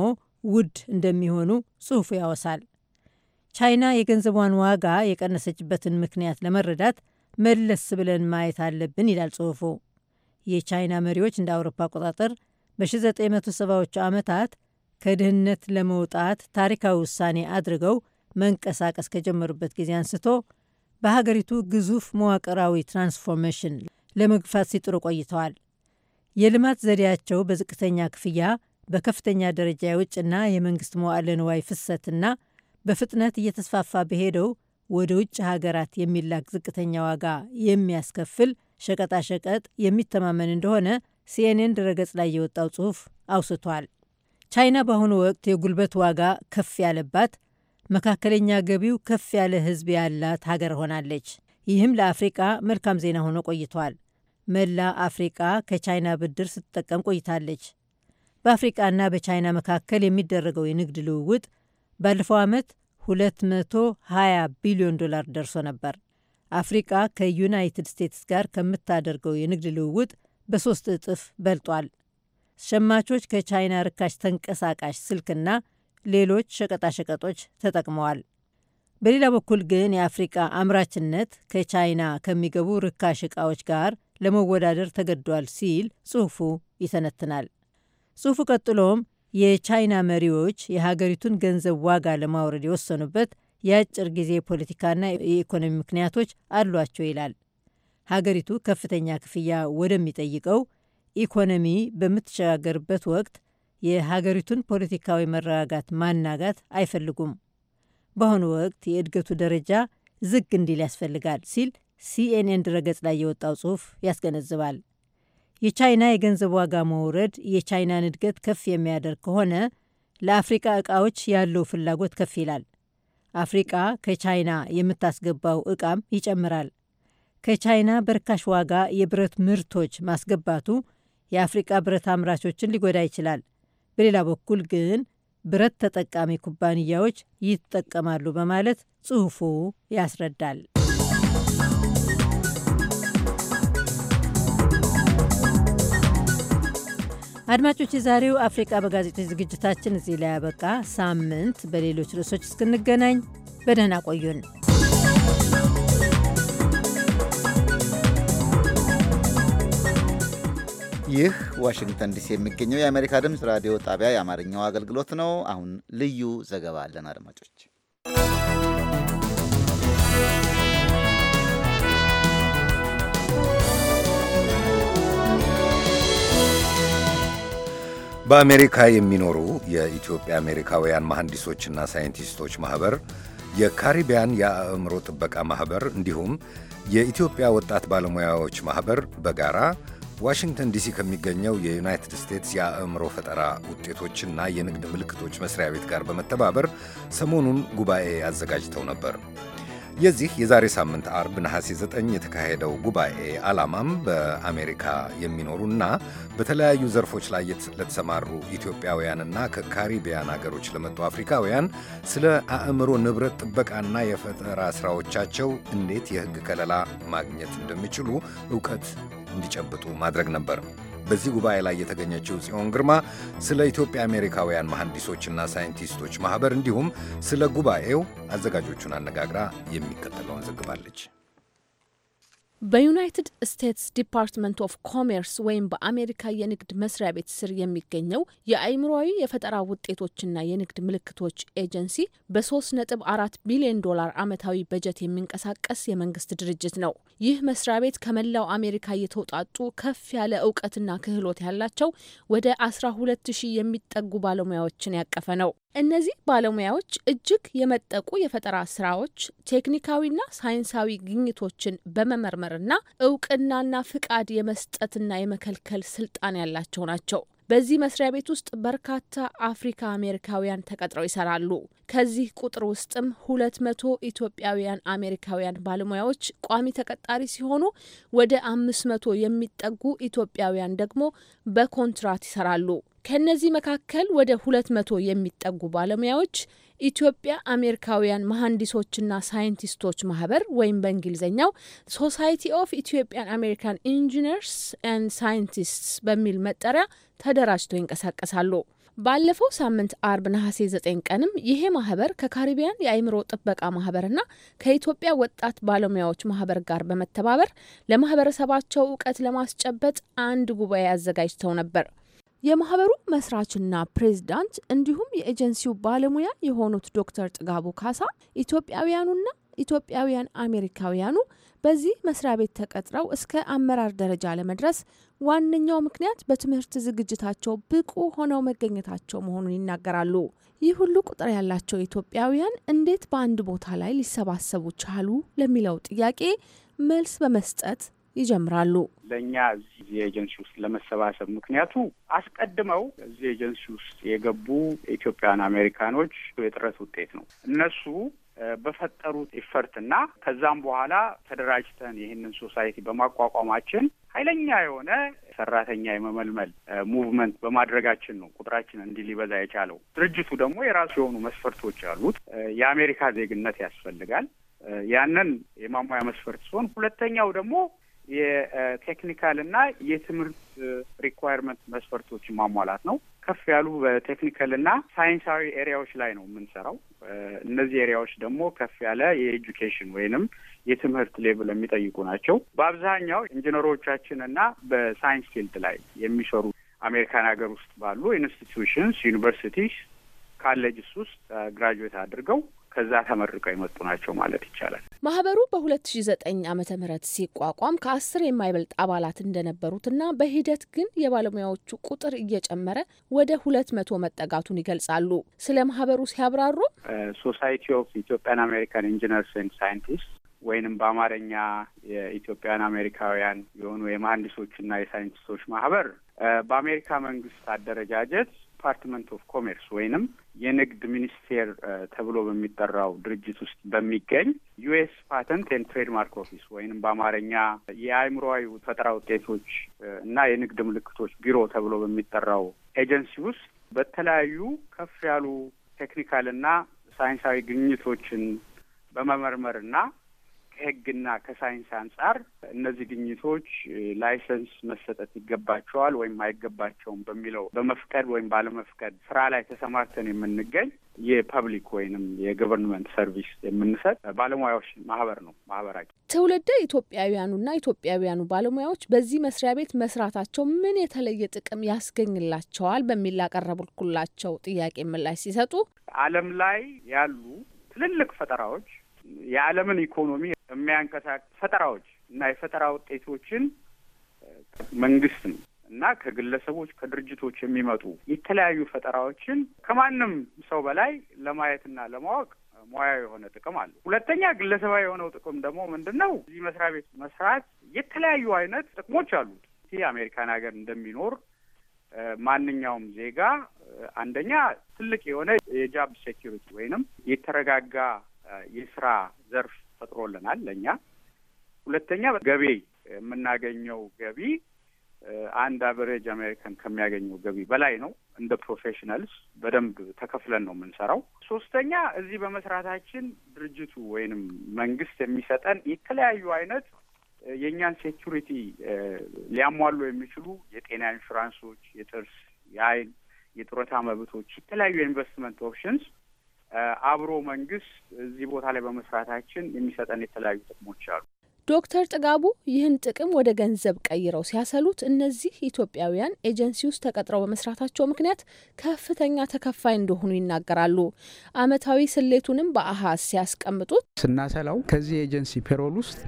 ውድ እንደሚሆኑ ጽሑፉ ያወሳል። ቻይና የገንዘቧን ዋጋ የቀነሰችበትን ምክንያት ለመረዳት መለስ ብለን ማየት አለብን ይላል ጽሑፉ። የቻይና መሪዎች እንደ አውሮፓ አቆጣጠር በ1970ዎቹ ዓመታት ከድህነት ለመውጣት ታሪካዊ ውሳኔ አድርገው መንቀሳቀስ ከጀመሩበት ጊዜ አንስቶ በሀገሪቱ ግዙፍ መዋቅራዊ ትራንስፎርሜሽን ለመግፋት ሲጥሩ ቆይተዋል። የልማት ዘዴያቸው በዝቅተኛ ክፍያ፣ በከፍተኛ ደረጃ የውጭና የመንግስት መዋዕለ ንዋይ ፍሰትና በፍጥነት እየተስፋፋ በሄደው ወደ ውጭ ሀገራት የሚላክ ዝቅተኛ ዋጋ የሚያስከፍል ሸቀጣሸቀጥ የሚተማመን እንደሆነ ሲኤንኤን ድረገጽ ላይ የወጣው ጽሑፍ አውስቷል። ቻይና በአሁኑ ወቅት የጉልበት ዋጋ ከፍ ያለባት፣ መካከለኛ ገቢው ከፍ ያለ ሕዝብ ያላት ሀገር ሆናለች። ይህም ለአፍሪቃ መልካም ዜና ሆኖ ቆይቷል። መላ አፍሪቃ ከቻይና ብድር ስትጠቀም ቆይታለች። በአፍሪቃና በቻይና መካከል የሚደረገው የንግድ ልውውጥ ባለፈው ዓመት 220 ቢሊዮን ዶላር ደርሶ ነበር። አፍሪቃ ከዩናይትድ ስቴትስ ጋር ከምታደርገው የንግድ ልውውጥ በሶስት እጥፍ በልጧል። ሸማቾች ከቻይና ርካሽ ተንቀሳቃሽ ስልክና ሌሎች ሸቀጣሸቀጦች ተጠቅመዋል። በሌላ በኩል ግን የአፍሪቃ አምራችነት ከቻይና ከሚገቡ ርካሽ ዕቃዎች ጋር ለመወዳደር ተገዷል ሲል ጽሑፉ ይተነትናል። ጽሑፉ ቀጥሎም የቻይና መሪዎች የሀገሪቱን ገንዘብ ዋጋ ለማውረድ የወሰኑበት የአጭር ጊዜ ፖለቲካና የኢኮኖሚ ምክንያቶች አሏቸው ይላል። ሀገሪቱ ከፍተኛ ክፍያ ወደሚጠይቀው ኢኮኖሚ በምትሸጋገርበት ወቅት የሀገሪቱን ፖለቲካዊ መረጋጋት ማናጋት አይፈልጉም። በአሁኑ ወቅት የእድገቱ ደረጃ ዝግ እንዲል ያስፈልጋል ሲል ሲኤንኤን ድረገጽ ላይ የወጣው ጽሑፍ ያስገነዝባል። የቻይና የገንዘብ ዋጋ መውረድ የቻይናን እድገት ከፍ የሚያደርግ ከሆነ ለአፍሪካ ዕቃዎች ያለው ፍላጎት ከፍ ይላል። አፍሪቃ ከቻይና የምታስገባው ዕቃም ይጨምራል። ከቻይና በርካሽ ዋጋ የብረት ምርቶች ማስገባቱ የአፍሪቃ ብረት አምራቾችን ሊጎዳ ይችላል። በሌላ በኩል ግን ብረት ተጠቃሚ ኩባንያዎች ይጠቀማሉ በማለት ጽሑፉ ያስረዳል። አድማጮች፣ የዛሬው አፍሪቃ በጋዜጦች ዝግጅታችን እዚህ ላይ ያበቃ። ሳምንት በሌሎች ርዕሶች እስክንገናኝ በደህና ቆዩን። ይህ ዋሽንግተን ዲሲ የሚገኘው የአሜሪካ ድምፅ ራዲዮ ጣቢያ የአማርኛው አገልግሎት ነው። አሁን ልዩ ዘገባ አለን አድማጮች በአሜሪካ የሚኖሩ የኢትዮጵያ አሜሪካውያን መሐንዲሶችና ሳይንቲስቶች ማኅበር፣ የካሪቢያን የአእምሮ ጥበቃ ማኅበር እንዲሁም የኢትዮጵያ ወጣት ባለሙያዎች ማኅበር በጋራ ዋሽንግተን ዲሲ ከሚገኘው የዩናይትድ ስቴትስ የአእምሮ ፈጠራ ውጤቶችና የንግድ ምልክቶች መስሪያ ቤት ጋር በመተባበር ሰሞኑን ጉባኤ አዘጋጅተው ነበር። የዚህ የዛሬ ሳምንት አርብ ነሐሴ 9 የተካሄደው ጉባኤ ዓላማም በአሜሪካ የሚኖሩና በተለያዩ ዘርፎች ላይ ለተሰማሩ ኢትዮጵያውያንና ከካሪቢያን አገሮች ለመጡ አፍሪካውያን ስለ አእምሮ ንብረት ጥበቃና የፈጠራ ሥራዎቻቸው እንዴት የሕግ ከለላ ማግኘት እንደሚችሉ ዕውቀት እንዲጨብጡ ማድረግ ነበር። በዚህ ጉባኤ ላይ የተገኘችው ጽዮን ግርማ ስለ ኢትዮጵያ አሜሪካውያን መሐንዲሶችና ሳይንቲስቶች ማኅበር እንዲሁም ስለ ጉባኤው አዘጋጆቹን አነጋግራ የሚከተለውን ዘግባለች። በዩናይትድ ስቴትስ ዲፓርትመንት ኦፍ ኮሜርስ ወይም በአሜሪካ የንግድ መስሪያ ቤት ስር የሚገኘው የአእምሯዊ የፈጠራ ውጤቶችና የንግድ ምልክቶች ኤጀንሲ በ ነጥብ አራት ቢሊዮን ዶላር ዓመታዊ በጀት የሚንቀሳቀስ የመንግስት ድርጅት ነው። ይህ መስሪያ ቤት ከመላው አሜሪካ የተውጣጡ ከፍ ያለ እውቀትና ክህሎት ያላቸው ወደ አስራ ሁለት ሺህ የሚጠጉ ባለሙያዎችን ያቀፈ ነው። እነዚህ ባለሙያዎች እጅግ የመጠቁ የፈጠራ ስራዎች፣ ቴክኒካዊና ሳይንሳዊ ግኝቶችን በመመርመርና እውቅናና ፍቃድ የመስጠትና የመከልከል ስልጣን ያላቸው ናቸው። በዚህ መስሪያ ቤት ውስጥ በርካታ አፍሪካ አሜሪካውያን ተቀጥረው ይሰራሉ። ከዚህ ቁጥር ውስጥም ሁለት መቶ ኢትዮጵያውያን አሜሪካውያን ባለሙያዎች ቋሚ ተቀጣሪ ሲሆኑ ወደ አምስት መቶ የሚጠጉ ኢትዮጵያውያን ደግሞ በኮንትራት ይሰራሉ። ከእነዚህ መካከል ወደ ሁለት መቶ የሚጠጉ ባለሙያዎች ኢትዮጵያ አሜሪካውያን መሐንዲሶችና ሳይንቲስቶች ማህበር ወይም በእንግሊዝኛው ሶሳይቲ ኦፍ ኢትዮጵያን አሜሪካን ኢንጂነርስ ኤንድ ሳይንቲስትስ በሚል መጠሪያ ተደራጅተው ይንቀሳቀሳሉ። ባለፈው ሳምንት አርብ ነሐሴ 9 ቀንም ይሄ ማህበር ከካሪቢያን የአእምሮ ጥበቃ ማህበርና ከኢትዮጵያ ወጣት ባለሙያዎች ማህበር ጋር በመተባበር ለማህበረሰባቸው እውቀት ለማስጨበጥ አንድ ጉባኤ አዘጋጅተው ነበር። የማህበሩ መስራችና ፕሬዝዳንት እንዲሁም የኤጀንሲው ባለሙያ የሆኑት ዶክተር ጥጋቡ ካሳ ኢትዮጵያውያኑና ኢትዮጵያውያን አሜሪካውያኑ በዚህ መስሪያ ቤት ተቀጥረው እስከ አመራር ደረጃ ለመድረስ ዋነኛው ምክንያት በትምህርት ዝግጅታቸው ብቁ ሆነው መገኘታቸው መሆኑን ይናገራሉ። ይህ ሁሉ ቁጥር ያላቸው ኢትዮጵያውያን እንዴት በአንድ ቦታ ላይ ሊሰባሰቡ ቻሉ ለሚለው ጥያቄ መልስ በመስጠት ይጀምራሉ። ለእኛ እዚህ ኤጀንሲ ውስጥ ለመሰባሰብ ምክንያቱ አስቀድመው እዚህ ኤጀንሲ ውስጥ የገቡ ኢትዮጵያን አሜሪካኖች የጥረት ውጤት ነው። እነሱ በፈጠሩት ኢፈርት እና ከዛም በኋላ ተደራጅተን ይህንን ሶሳይቲ በማቋቋማችን ኃይለኛ የሆነ ሰራተኛ የመመልመል ሙቭመንት በማድረጋችን ነው ቁጥራችን እንዲህ ሊበዛ የቻለው። ድርጅቱ ደግሞ የራሱ የሆኑ መስፈርቶች አሉት። የአሜሪካ ዜግነት ያስፈልጋል። ያንን የማሟያ መስፈርት ሲሆን ሁለተኛው ደግሞ የቴክኒካል እና የትምህርት ሪኳየርመንት መስፈርቶችን ማሟላት ነው። ከፍ ያሉ በቴክኒካል እና ሳይንሳዊ ኤሪያዎች ላይ ነው የምንሰራው። እነዚህ ኤሪያዎች ደግሞ ከፍ ያለ የኤጁኬሽን ወይንም የትምህርት ሌቭል የሚጠይቁ ናቸው። በአብዛኛው ኢንጂነሮቻችን እና በሳይንስ ፊልድ ላይ የሚሰሩ አሜሪካን ሀገር ውስጥ ባሉ ኢንስቲትዩሽንስ ዩኒቨርሲቲስ፣ ካሌጅስ ውስጥ ግራጁዌት አድርገው ከዛ ተመርቀው የመጡ ናቸው ማለት ይቻላል። ማህበሩ በ2009 ዓ ም ሲቋቋም ከአስር የማይበልጥ አባላት እንደነበሩትና በሂደት ግን የባለሙያዎቹ ቁጥር እየጨመረ ወደ ሁለት መቶ መጠጋቱን ይገልጻሉ። ስለ ማህበሩ ሲያብራሩ ሶሳይቲ ኦፍ ኢትዮጵያን አሜሪካን ኢንጂነርስ ኤንድ ሳይንቲስት ወይንም በአማርኛ የኢትዮጵያን አሜሪካውያን የሆኑ የመሀንዲሶችና የሳይንቲስቶች ማህበር በአሜሪካ መንግስት አደረጃጀት ዲፓርትመንት ኦፍ ኮሜርስ ወይንም የንግድ ሚኒስቴር ተብሎ በሚጠራው ድርጅት ውስጥ በሚገኝ ዩኤስ ፓተንት ኤንድ ትሬድማርክ ኦፊስ ወይንም በአማርኛ የአእምሮዊ ፈጠራ ውጤቶች እና የንግድ ምልክቶች ቢሮ ተብሎ በሚጠራው ኤጀንሲ ውስጥ በተለያዩ ከፍ ያሉ ቴክኒካል እና ሳይንሳዊ ግኝቶችን በመመርመርና ከህግና ከሳይንስ አንጻር እነዚህ ግኝቶች ላይሰንስ መሰጠት ይገባቸዋል ወይም አይገባቸውም በሚለው በመፍቀድ ወይም ባለመፍቀድ ስራ ላይ ተሰማርተን የምንገኝ የፐብሊክ ወይንም የገቨርንመንት ሰርቪስ የምንሰጥ ባለሙያዎች ማህበር ነው። ማህበራችን ትውልደ ኢትዮጵያውያኑና ኢትዮጵያውያኑ ባለሙያዎች በዚህ መስሪያ ቤት መስራታቸው ምን የተለየ ጥቅም ያስገኝላቸዋል በሚል ላቀረብኩላቸው ጥያቄ ምላሽ ሲሰጡ ዓለም ላይ ያሉ ትልልቅ ፈጠራዎች የዓለምን ኢኮኖሚ የሚያንቀሳቅስ ፈጠራዎች እና የፈጠራ ውጤቶችን መንግስትም እና ከግለሰቦች ከድርጅቶች የሚመጡ የተለያዩ ፈጠራዎችን ከማንም ሰው በላይ ለማየትና ለማወቅ ሙያዊ የሆነ ጥቅም አለ። ሁለተኛ ግለሰባዊ የሆነው ጥቅም ደግሞ ምንድን ነው? እዚህ መስሪያ ቤት መስራት የተለያዩ አይነት ጥቅሞች አሉት። ይህ አሜሪካን ሀገር እንደሚኖር ማንኛውም ዜጋ አንደኛ ትልቅ የሆነ የጃብ ሴኪሪቲ ወይንም የተረጋጋ የስራ ዘርፍ ፈጥሮልናል ለእኛ። ሁለተኛ ገቢ የምናገኘው ገቢ አንድ አቨሬጅ አሜሪካን ከሚያገኘው ገቢ በላይ ነው። እንደ ፕሮፌሽናልስ በደንብ ተከፍለን ነው የምንሰራው። ሶስተኛ እዚህ በመስራታችን ድርጅቱ ወይንም መንግስት የሚሰጠን የተለያዩ አይነት የእኛን ሴኩሪቲ ሊያሟሉ የሚችሉ የጤና ኢንሹራንሶች፣ የጥርስ፣ የአይን፣ የጡረታ መብቶች፣ የተለያዩ የኢንቨስትመንት ኦፕሽንስ አብሮ መንግስት እዚህ ቦታ ላይ በመስራታችን የሚሰጠን የተለያዩ ጥቅሞች አሉ። ዶክተር ጥጋቡ ይህን ጥቅም ወደ ገንዘብ ቀይረው ሲያሰሉት እነዚህ ኢትዮጵያውያን ኤጀንሲ ውስጥ ተቀጥረው በመስራታቸው ምክንያት ከፍተኛ ተከፋይ እንደሆኑ ይናገራሉ። አመታዊ ስሌቱንም በአሃዝ ሲያስቀምጡት ስናሰላው ከዚህ ኤጀንሲ ፔሮል ውስጥ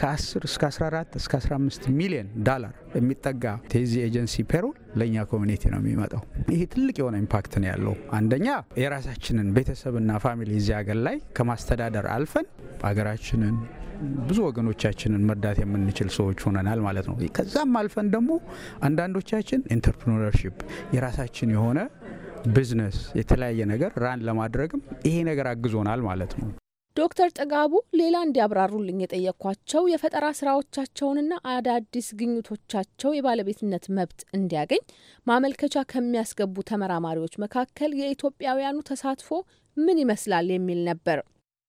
ከ10 እስከ 14 እስከ 15 ሚሊዮን ዳላር የሚጠጋ የዚህ ኤጀንሲ ፔሮል ለእኛ ኮሚኒቲ ነው የሚመጣው። ይሄ ትልቅ የሆነ ኢምፓክት ነው ያለው። አንደኛ የራሳችንን ቤተሰብና ፋሚሊ እዚህ ሀገር ላይ ከማስተዳደር አልፈን ሀገራችንን ብዙ ወገኖቻችንን መርዳት የምንችል ሰዎች ሆነናል ማለት ነው። ከዛም አልፈን ደግሞ አንዳንዶቻችን ኢንተርፕሪነርሺፕ የራሳችን የሆነ ቢዝነስ የተለያየ ነገር ራን ለማድረግም ይሄ ነገር አግዞናል ማለት ነው። ዶክተር ጥጋቡ ሌላ እንዲያብራሩልኝ የጠየኳቸው የፈጠራ ስራዎቻቸውንና አዳዲስ ግኝቶቻቸው የባለቤትነት መብት እንዲያገኝ ማመልከቻ ከሚያስገቡ ተመራማሪዎች መካከል የኢትዮጵያውያኑ ተሳትፎ ምን ይመስላል የሚል ነበር።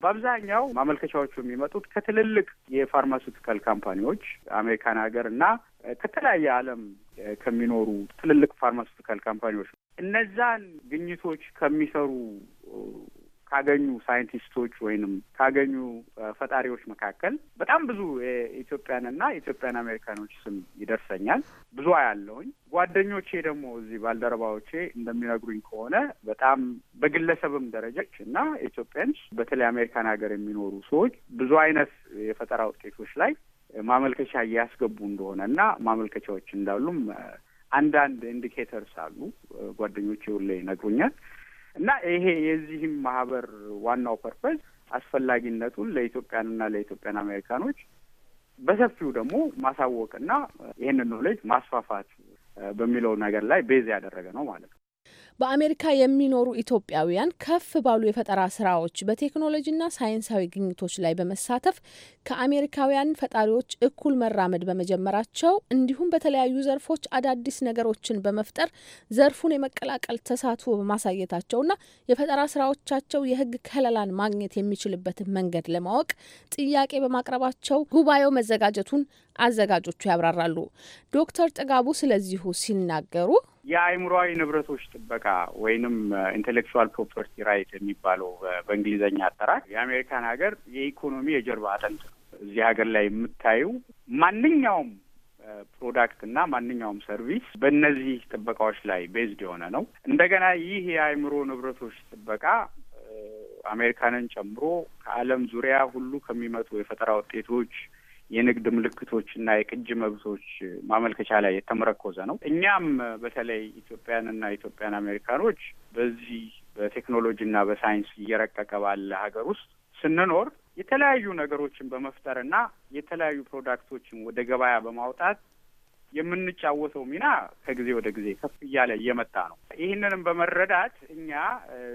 በአብዛኛው ማመልከቻዎቹ የሚመጡት ከትልልቅ የፋርማሲቲካል ካምፓኒዎች አሜሪካን ሀገር እና ከተለያየ ዓለም ከሚኖሩ ትልልቅ ፋርማሲቲካል ካምፓኒዎች ነው። እነዛን ግኝቶች ከሚሰሩ ካገኙ ሳይንቲስቶች ወይንም ካገኙ ፈጣሪዎች መካከል በጣም ብዙ የኢትዮጵያንና የኢትዮጵያን አሜሪካኖች ስም ይደርሰኛል። ብዙ አያለውኝ። ጓደኞቼ ደግሞ እዚህ ባልደረባዎቼ እንደሚነግሩኝ ከሆነ በጣም በግለሰብም ደረጃች እና ኢትዮጵያንስ በተለይ አሜሪካን ሀገር የሚኖሩ ሰዎች ብዙ አይነት የፈጠራ ውጤቶች ላይ ማመልከቻ እያስገቡ እንደሆነ እና ማመልከቻዎች እንዳሉም አንዳንድ ኢንዲኬተርስ አሉ ጓደኞቼ ሁሌ ይነግሩኛል። እና ይሄ የዚህም ማህበር ዋናው ፐርፐዝ አስፈላጊነቱን ለኢትዮጵያንና ለኢትዮጵያን አሜሪካኖች በሰፊው ደግሞ ማሳወቅና ይህንን ኖሌጅ ማስፋፋት በሚለው ነገር ላይ ቤዝ ያደረገ ነው ማለት ነው። በአሜሪካ የሚኖሩ ኢትዮጵያውያን ከፍ ባሉ የፈጠራ ስራዎች በቴክኖሎጂና ሳይንሳዊ ግኝቶች ላይ በመሳተፍ ከአሜሪካውያን ፈጣሪዎች እኩል መራመድ በመጀመራቸው እንዲሁም በተለያዩ ዘርፎች አዳዲስ ነገሮችን በመፍጠር ዘርፉን የመቀላቀል ተሳትፎ በማሳየታቸውና የፈጠራ ስራዎቻቸው የህግ ከለላን ማግኘት የሚችልበትን መንገድ ለማወቅ ጥያቄ በማቅረባቸው ጉባኤው መዘጋጀቱን አዘጋጆቹ ያብራራሉ። ዶክተር ጥጋቡ ስለዚሁ ሲናገሩ የአእምሯዊ ንብረቶች ጥበቃ ወይንም ኢንቴሌክቹዋል ፕሮፐርቲ ራይት የሚባለው በእንግሊዝኛ አጠራር የአሜሪካን ሀገር የኢኮኖሚ የጀርባ አጥንት ነው። እዚህ ሀገር ላይ የምታዩ ማንኛውም ፕሮዳክት እና ማንኛውም ሰርቪስ በእነዚህ ጥበቃዎች ላይ ቤዝድ የሆነ ነው። እንደገና ይህ የአእምሮ ንብረቶች ጥበቃ አሜሪካንን ጨምሮ ከዓለም ዙሪያ ሁሉ ከሚመጡ የፈጠራ ውጤቶች የንግድ ምልክቶችና የቅጂ መብቶች ማመልከቻ ላይ የተመረኮዘ ነው። እኛም በተለይ ኢትዮጵያንና ኢትዮጵያን አሜሪካኖች በዚህ በቴክኖሎጂና በሳይንስ እየረቀቀ ባለ ሀገር ውስጥ ስንኖር የተለያዩ ነገሮችን በመፍጠርና የተለያዩ ፕሮዳክቶችን ወደ ገበያ በማውጣት የምንጫወተው ሚና ከጊዜ ወደ ጊዜ ከፍ እያለ እየመጣ ነው። ይህንንም በመረዳት እኛ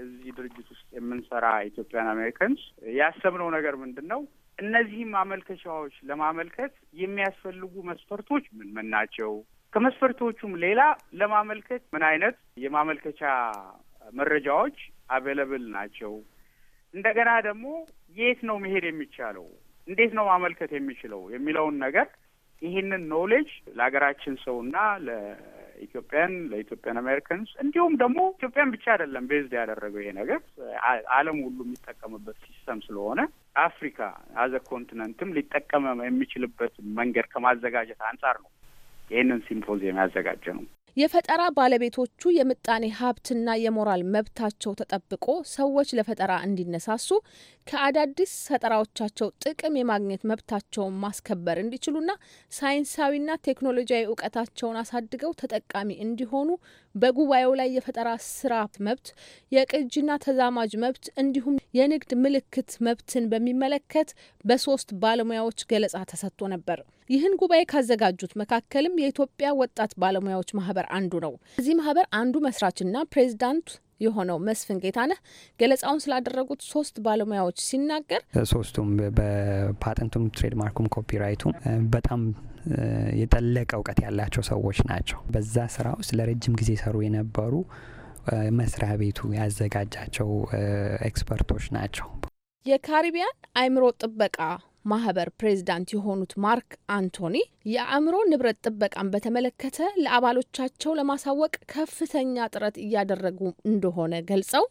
እዚህ ድርጅት ውስጥ የምንሰራ ኢትዮጵያን አሜሪካንስ ያሰብነው ነገር ምንድን ነው? እነዚህም ማመልከቻዎች ለማመልከት የሚያስፈልጉ መስፈርቶች ምን ምን ናቸው? ከመስፈርቶቹም ሌላ ለማመልከት ምን አይነት የማመልከቻ መረጃዎች አቬለብል ናቸው? እንደገና ደግሞ የት ነው መሄድ የሚቻለው? እንዴት ነው ማመልከት የሚችለው የሚለውን ነገር ይህንን ኖሌጅ ለሀገራችን ሰውና ኢትዮጵያን ለኢትዮጵያን አሜሪካንስ እንዲሁም ደግሞ ኢትዮጵያን ብቻ አይደለም ቤዝድ ያደረገው ይሄ ነገር ዓለም ሁሉ የሚጠቀምበት ሲስተም ስለሆነ አፍሪካ አዘ ኮንቲነንትም ሊጠቀመ የሚችልበት መንገድ ከማዘጋጀት አንጻር ነው ይህንን ሲምፖዚየም ያዘጋጀ ነው። የፈጠራ ባለቤቶቹ የምጣኔ ሀብትና የሞራል መብታቸው ተጠብቆ ሰዎች ለፈጠራ እንዲነሳሱ ከአዳዲስ ፈጠራዎቻቸው ጥቅም የማግኘት መብታቸውን ማስከበር እንዲችሉና ሳይንሳዊና ቴክኖሎጂያዊ እውቀታቸውን አሳድገው ተጠቃሚ እንዲሆኑ በጉባኤው ላይ የፈጠራ ስራ መብት፣ የቅጂና ተዛማጅ መብት እንዲሁም የንግድ ምልክት መብትን በሚመለከት በሶስት ባለሙያዎች ገለጻ ተሰጥቶ ነበር። ይህን ጉባኤ ካዘጋጁት መካከልም የኢትዮጵያ ወጣት ባለሙያዎች ማህበር አንዱ ነው። እዚህ ማህበር አንዱ መስራችና ፕሬዚዳንት የሆነው መስፍን ጌታነህ ገለጻውን ስላደረጉት ሶስት ባለሙያዎች ሲናገር ሶስቱም በፓተንቱም ትሬድማርኩም ኮፒራይቱም በጣም የጠለቀ እውቀት ያላቸው ሰዎች ናቸው። በዛ ስራ ውስጥ ለረጅም ጊዜ ሰሩ የነበሩ መስሪያ ቤቱ ያዘጋጃቸው ኤክስፐርቶች ናቸው። የካሪቢያን አእምሮ ጥበቃ ማህበር ፕሬዝዳንት የሆኑት ማርክ አንቶኒ የአእምሮ ንብረት ጥበቃን በተመለከተ ለአባሎቻቸው ለማሳወቅ ከፍተኛ ጥረት እያደረጉ እንደሆነ ገልጸው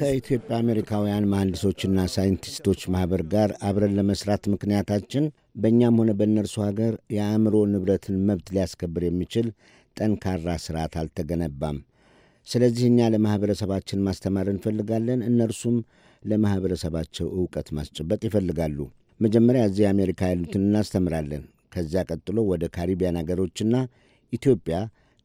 ከኢትዮጵያ አሜሪካውያን መሐንዲሶችና ሳይንቲስቶች ማህበር ጋር አብረን ለመስራት ምክንያታችን በእኛም ሆነ በእነርሱ ሀገር የአእምሮ ንብረትን መብት ሊያስከብር የሚችል ጠንካራ ስርዓት አልተገነባም። ስለዚህ እኛ ለማኅበረሰባችን ማስተማር እንፈልጋለን፣ እነርሱም ለማኅበረሰባቸው ዕውቀት ማስጨበጥ ይፈልጋሉ። መጀመሪያ እዚህ አሜሪካ ያሉትን እናስተምራለን። ከዚያ ቀጥሎ ወደ ካሪቢያን አገሮችና ኢትዮጵያ፣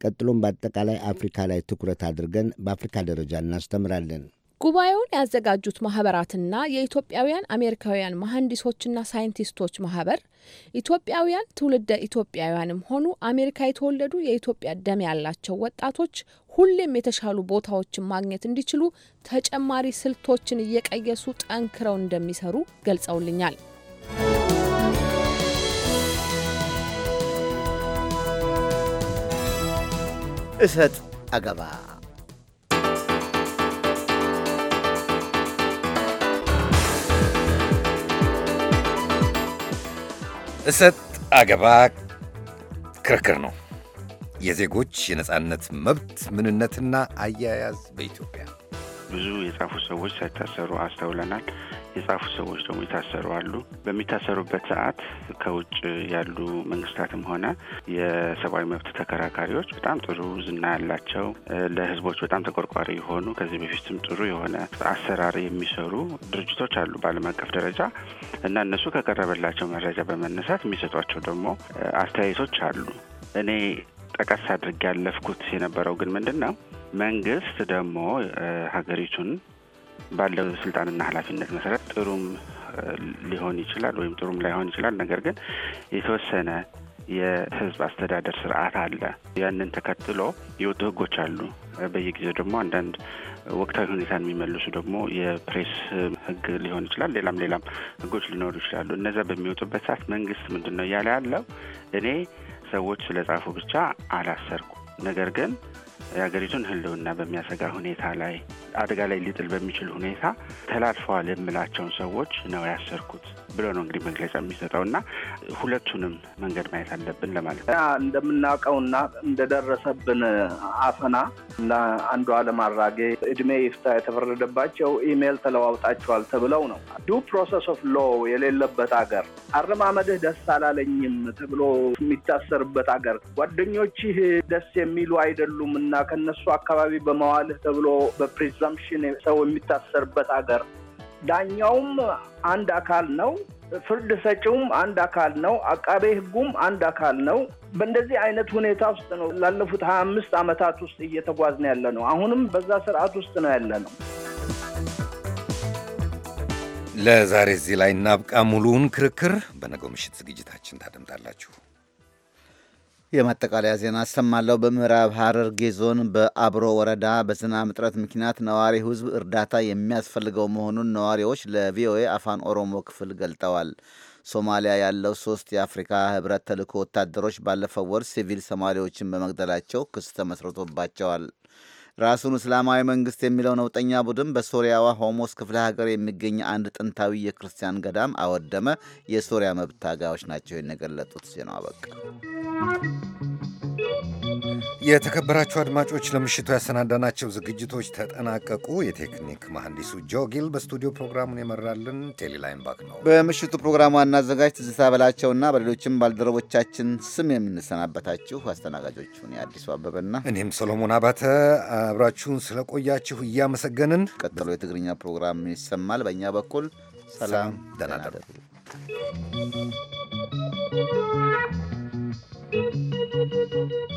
ቀጥሎም በአጠቃላይ አፍሪካ ላይ ትኩረት አድርገን በአፍሪካ ደረጃ እናስተምራለን። ጉባኤውን ያዘጋጁት ማህበራትና የኢትዮጵያውያን አሜሪካውያን መሐንዲሶችና ሳይንቲስቶች ማህበር ኢትዮጵያውያን ትውልደ ኢትዮጵያውያንም ሆኑ አሜሪካ የተወለዱ የኢትዮጵያ ደም ያላቸው ወጣቶች ሁሌም የተሻሉ ቦታዎችን ማግኘት እንዲችሉ ተጨማሪ ስልቶችን እየቀየሱ ጠንክረው እንደሚሰሩ ገልጸውልኛል። እሰጥ አገባ እሰጥ አገባ ክርክር ነው። የዜጎች የነጻነት መብት ምንነትና አያያዝ በኢትዮጵያ ብዙ የጻፉ ሰዎች ሳይታሰሩ አስተውለናል። የጻፉ ሰዎች ደግሞ የታሰሩ አሉ። በሚታሰሩበት ሰዓት ከውጭ ያሉ መንግስታትም ሆነ የሰብአዊ መብት ተከራካሪዎች በጣም ጥሩ ዝና ያላቸው ለህዝቦች በጣም ተቆርቋሪ የሆኑ ከዚህ በፊትም ጥሩ የሆነ አሰራር የሚሰሩ ድርጅቶች አሉ በዓለም አቀፍ ደረጃ እና እነሱ ከቀረበላቸው መረጃ በመነሳት የሚሰጧቸው ደግሞ አስተያየቶች አሉ እኔ ጠቀስ አድርጌ ያለፍኩት የነበረው ግን ምንድን ነው መንግስት ደግሞ ሀገሪቱን ባለው ስልጣንና ኃላፊነት መሰረት ጥሩም ሊሆን ይችላል ወይም ጥሩም ላይሆን ይችላል። ነገር ግን የተወሰነ የህዝብ አስተዳደር ስርዓት አለ። ያንን ተከትሎ የወጡ ህጎች አሉ። በየጊዜው ደግሞ አንዳንድ ወቅታዊ ሁኔታን የሚመልሱ ደግሞ የፕሬስ ህግ ሊሆን ይችላል። ሌላም ሌላም ህጎች ሊኖሩ ይችላሉ። እነዚያ በሚወጡበት ሰዓት መንግስት ምንድን ነው እያለ ያለው እኔ ሰዎች ስለጻፉ ብቻ አላሰርኩም። ነገር ግን የሀገሪቱን ሕልውና በሚያሰጋ ሁኔታ ላይ አደጋ ላይ ሊጥል በሚችል ሁኔታ ተላልፈዋል የምላቸውን ሰዎች ነው ያሰርኩት። ብሎ ነው እንግዲህ መግለጫ የሚሰጠው እና ሁለቱንም መንገድ ማየት አለብን ለማለት ነው። እንደምናውቀውና እንደደረሰብን አፈና እና አንዱ አለም አራጌ እድሜ ይፍታ የተፈረደባቸው ኢሜይል ተለዋውጣቸዋል ተብለው ነው። ዱ ፕሮሰስ ኦፍ ሎ የሌለበት አገር አረማመድህ ደስ አላለኝም ተብሎ የሚታሰርበት አገር ጓደኞችህ ደስ የሚሉ አይደሉም እና ከነሱ አካባቢ በመዋልህ ተብሎ በፕሪዛምፕሽን ሰው የሚታሰርበት አገር ዳኛውም አንድ አካል ነው። ፍርድ ሰጪውም አንድ አካል ነው። አቃቤ ህጉም አንድ አካል ነው። በእንደዚህ አይነት ሁኔታ ውስጥ ነው ላለፉት ሀያ አምስት ዓመታት ውስጥ ነው ያለ ነው። አሁንም በዛ ስርዓት ውስጥ ነው ያለ ነው። ለዛሬ እዚህ ላይ እናብቃ። ሙሉውን ክርክር በነገው ምሽት ዝግጅታችን ታደምጣላችሁ። የማጠቃለያ ዜና አሰማለሁ። በምዕራብ ሐረርጌ ዞን በአብሮ ወረዳ በዝናብ እጥረት ምክንያት ነዋሪ ሕዝብ እርዳታ የሚያስፈልገው መሆኑን ነዋሪዎች ለቪኦኤ አፋን ኦሮሞ ክፍል ገልጠዋል። ሶማሊያ ያለው ሶስት የአፍሪካ ህብረት ተልእኮ ወታደሮች ባለፈው ወር ሲቪል ሶማሌዎችን በመግደላቸው ክስ ተመስርቶባቸዋል። ራሱን እስላማዊ መንግስት የሚለው ነውጠኛ ቡድን በሶሪያዋ ሆሞስ ክፍለ ሀገር የሚገኝ አንድ ጥንታዊ የክርስቲያን ገዳም አወደመ። የሶሪያ መብት ታጋዮች ናቸው የነገለጡት። ዜናው አበቃ። የተከበራችሁ አድማጮች ለምሽቱ ያሰናዳናቸው ዝግጅቶች ተጠናቀቁ። የቴክኒክ መሐንዲሱ ጆጊል በስቱዲዮ ፕሮግራሙን የመራልን ቴሌላይን ባክ ነው። በምሽቱ ፕሮግራሙ ዋና አዘጋጅ ትዝታ በላቸውና በሌሎችም ባልደረቦቻችን ስም የምንሰናበታችሁ አስተናጋጆቹን የአዲሱ አበበና እኔም ሰሎሞን አባተ አብራችሁን ስለቆያችሁ እያመሰገንን ቀጥሎ የትግርኛ ፕሮግራም ይሰማል። በእኛ በኩል ሰላም፣ ደህና Thank you.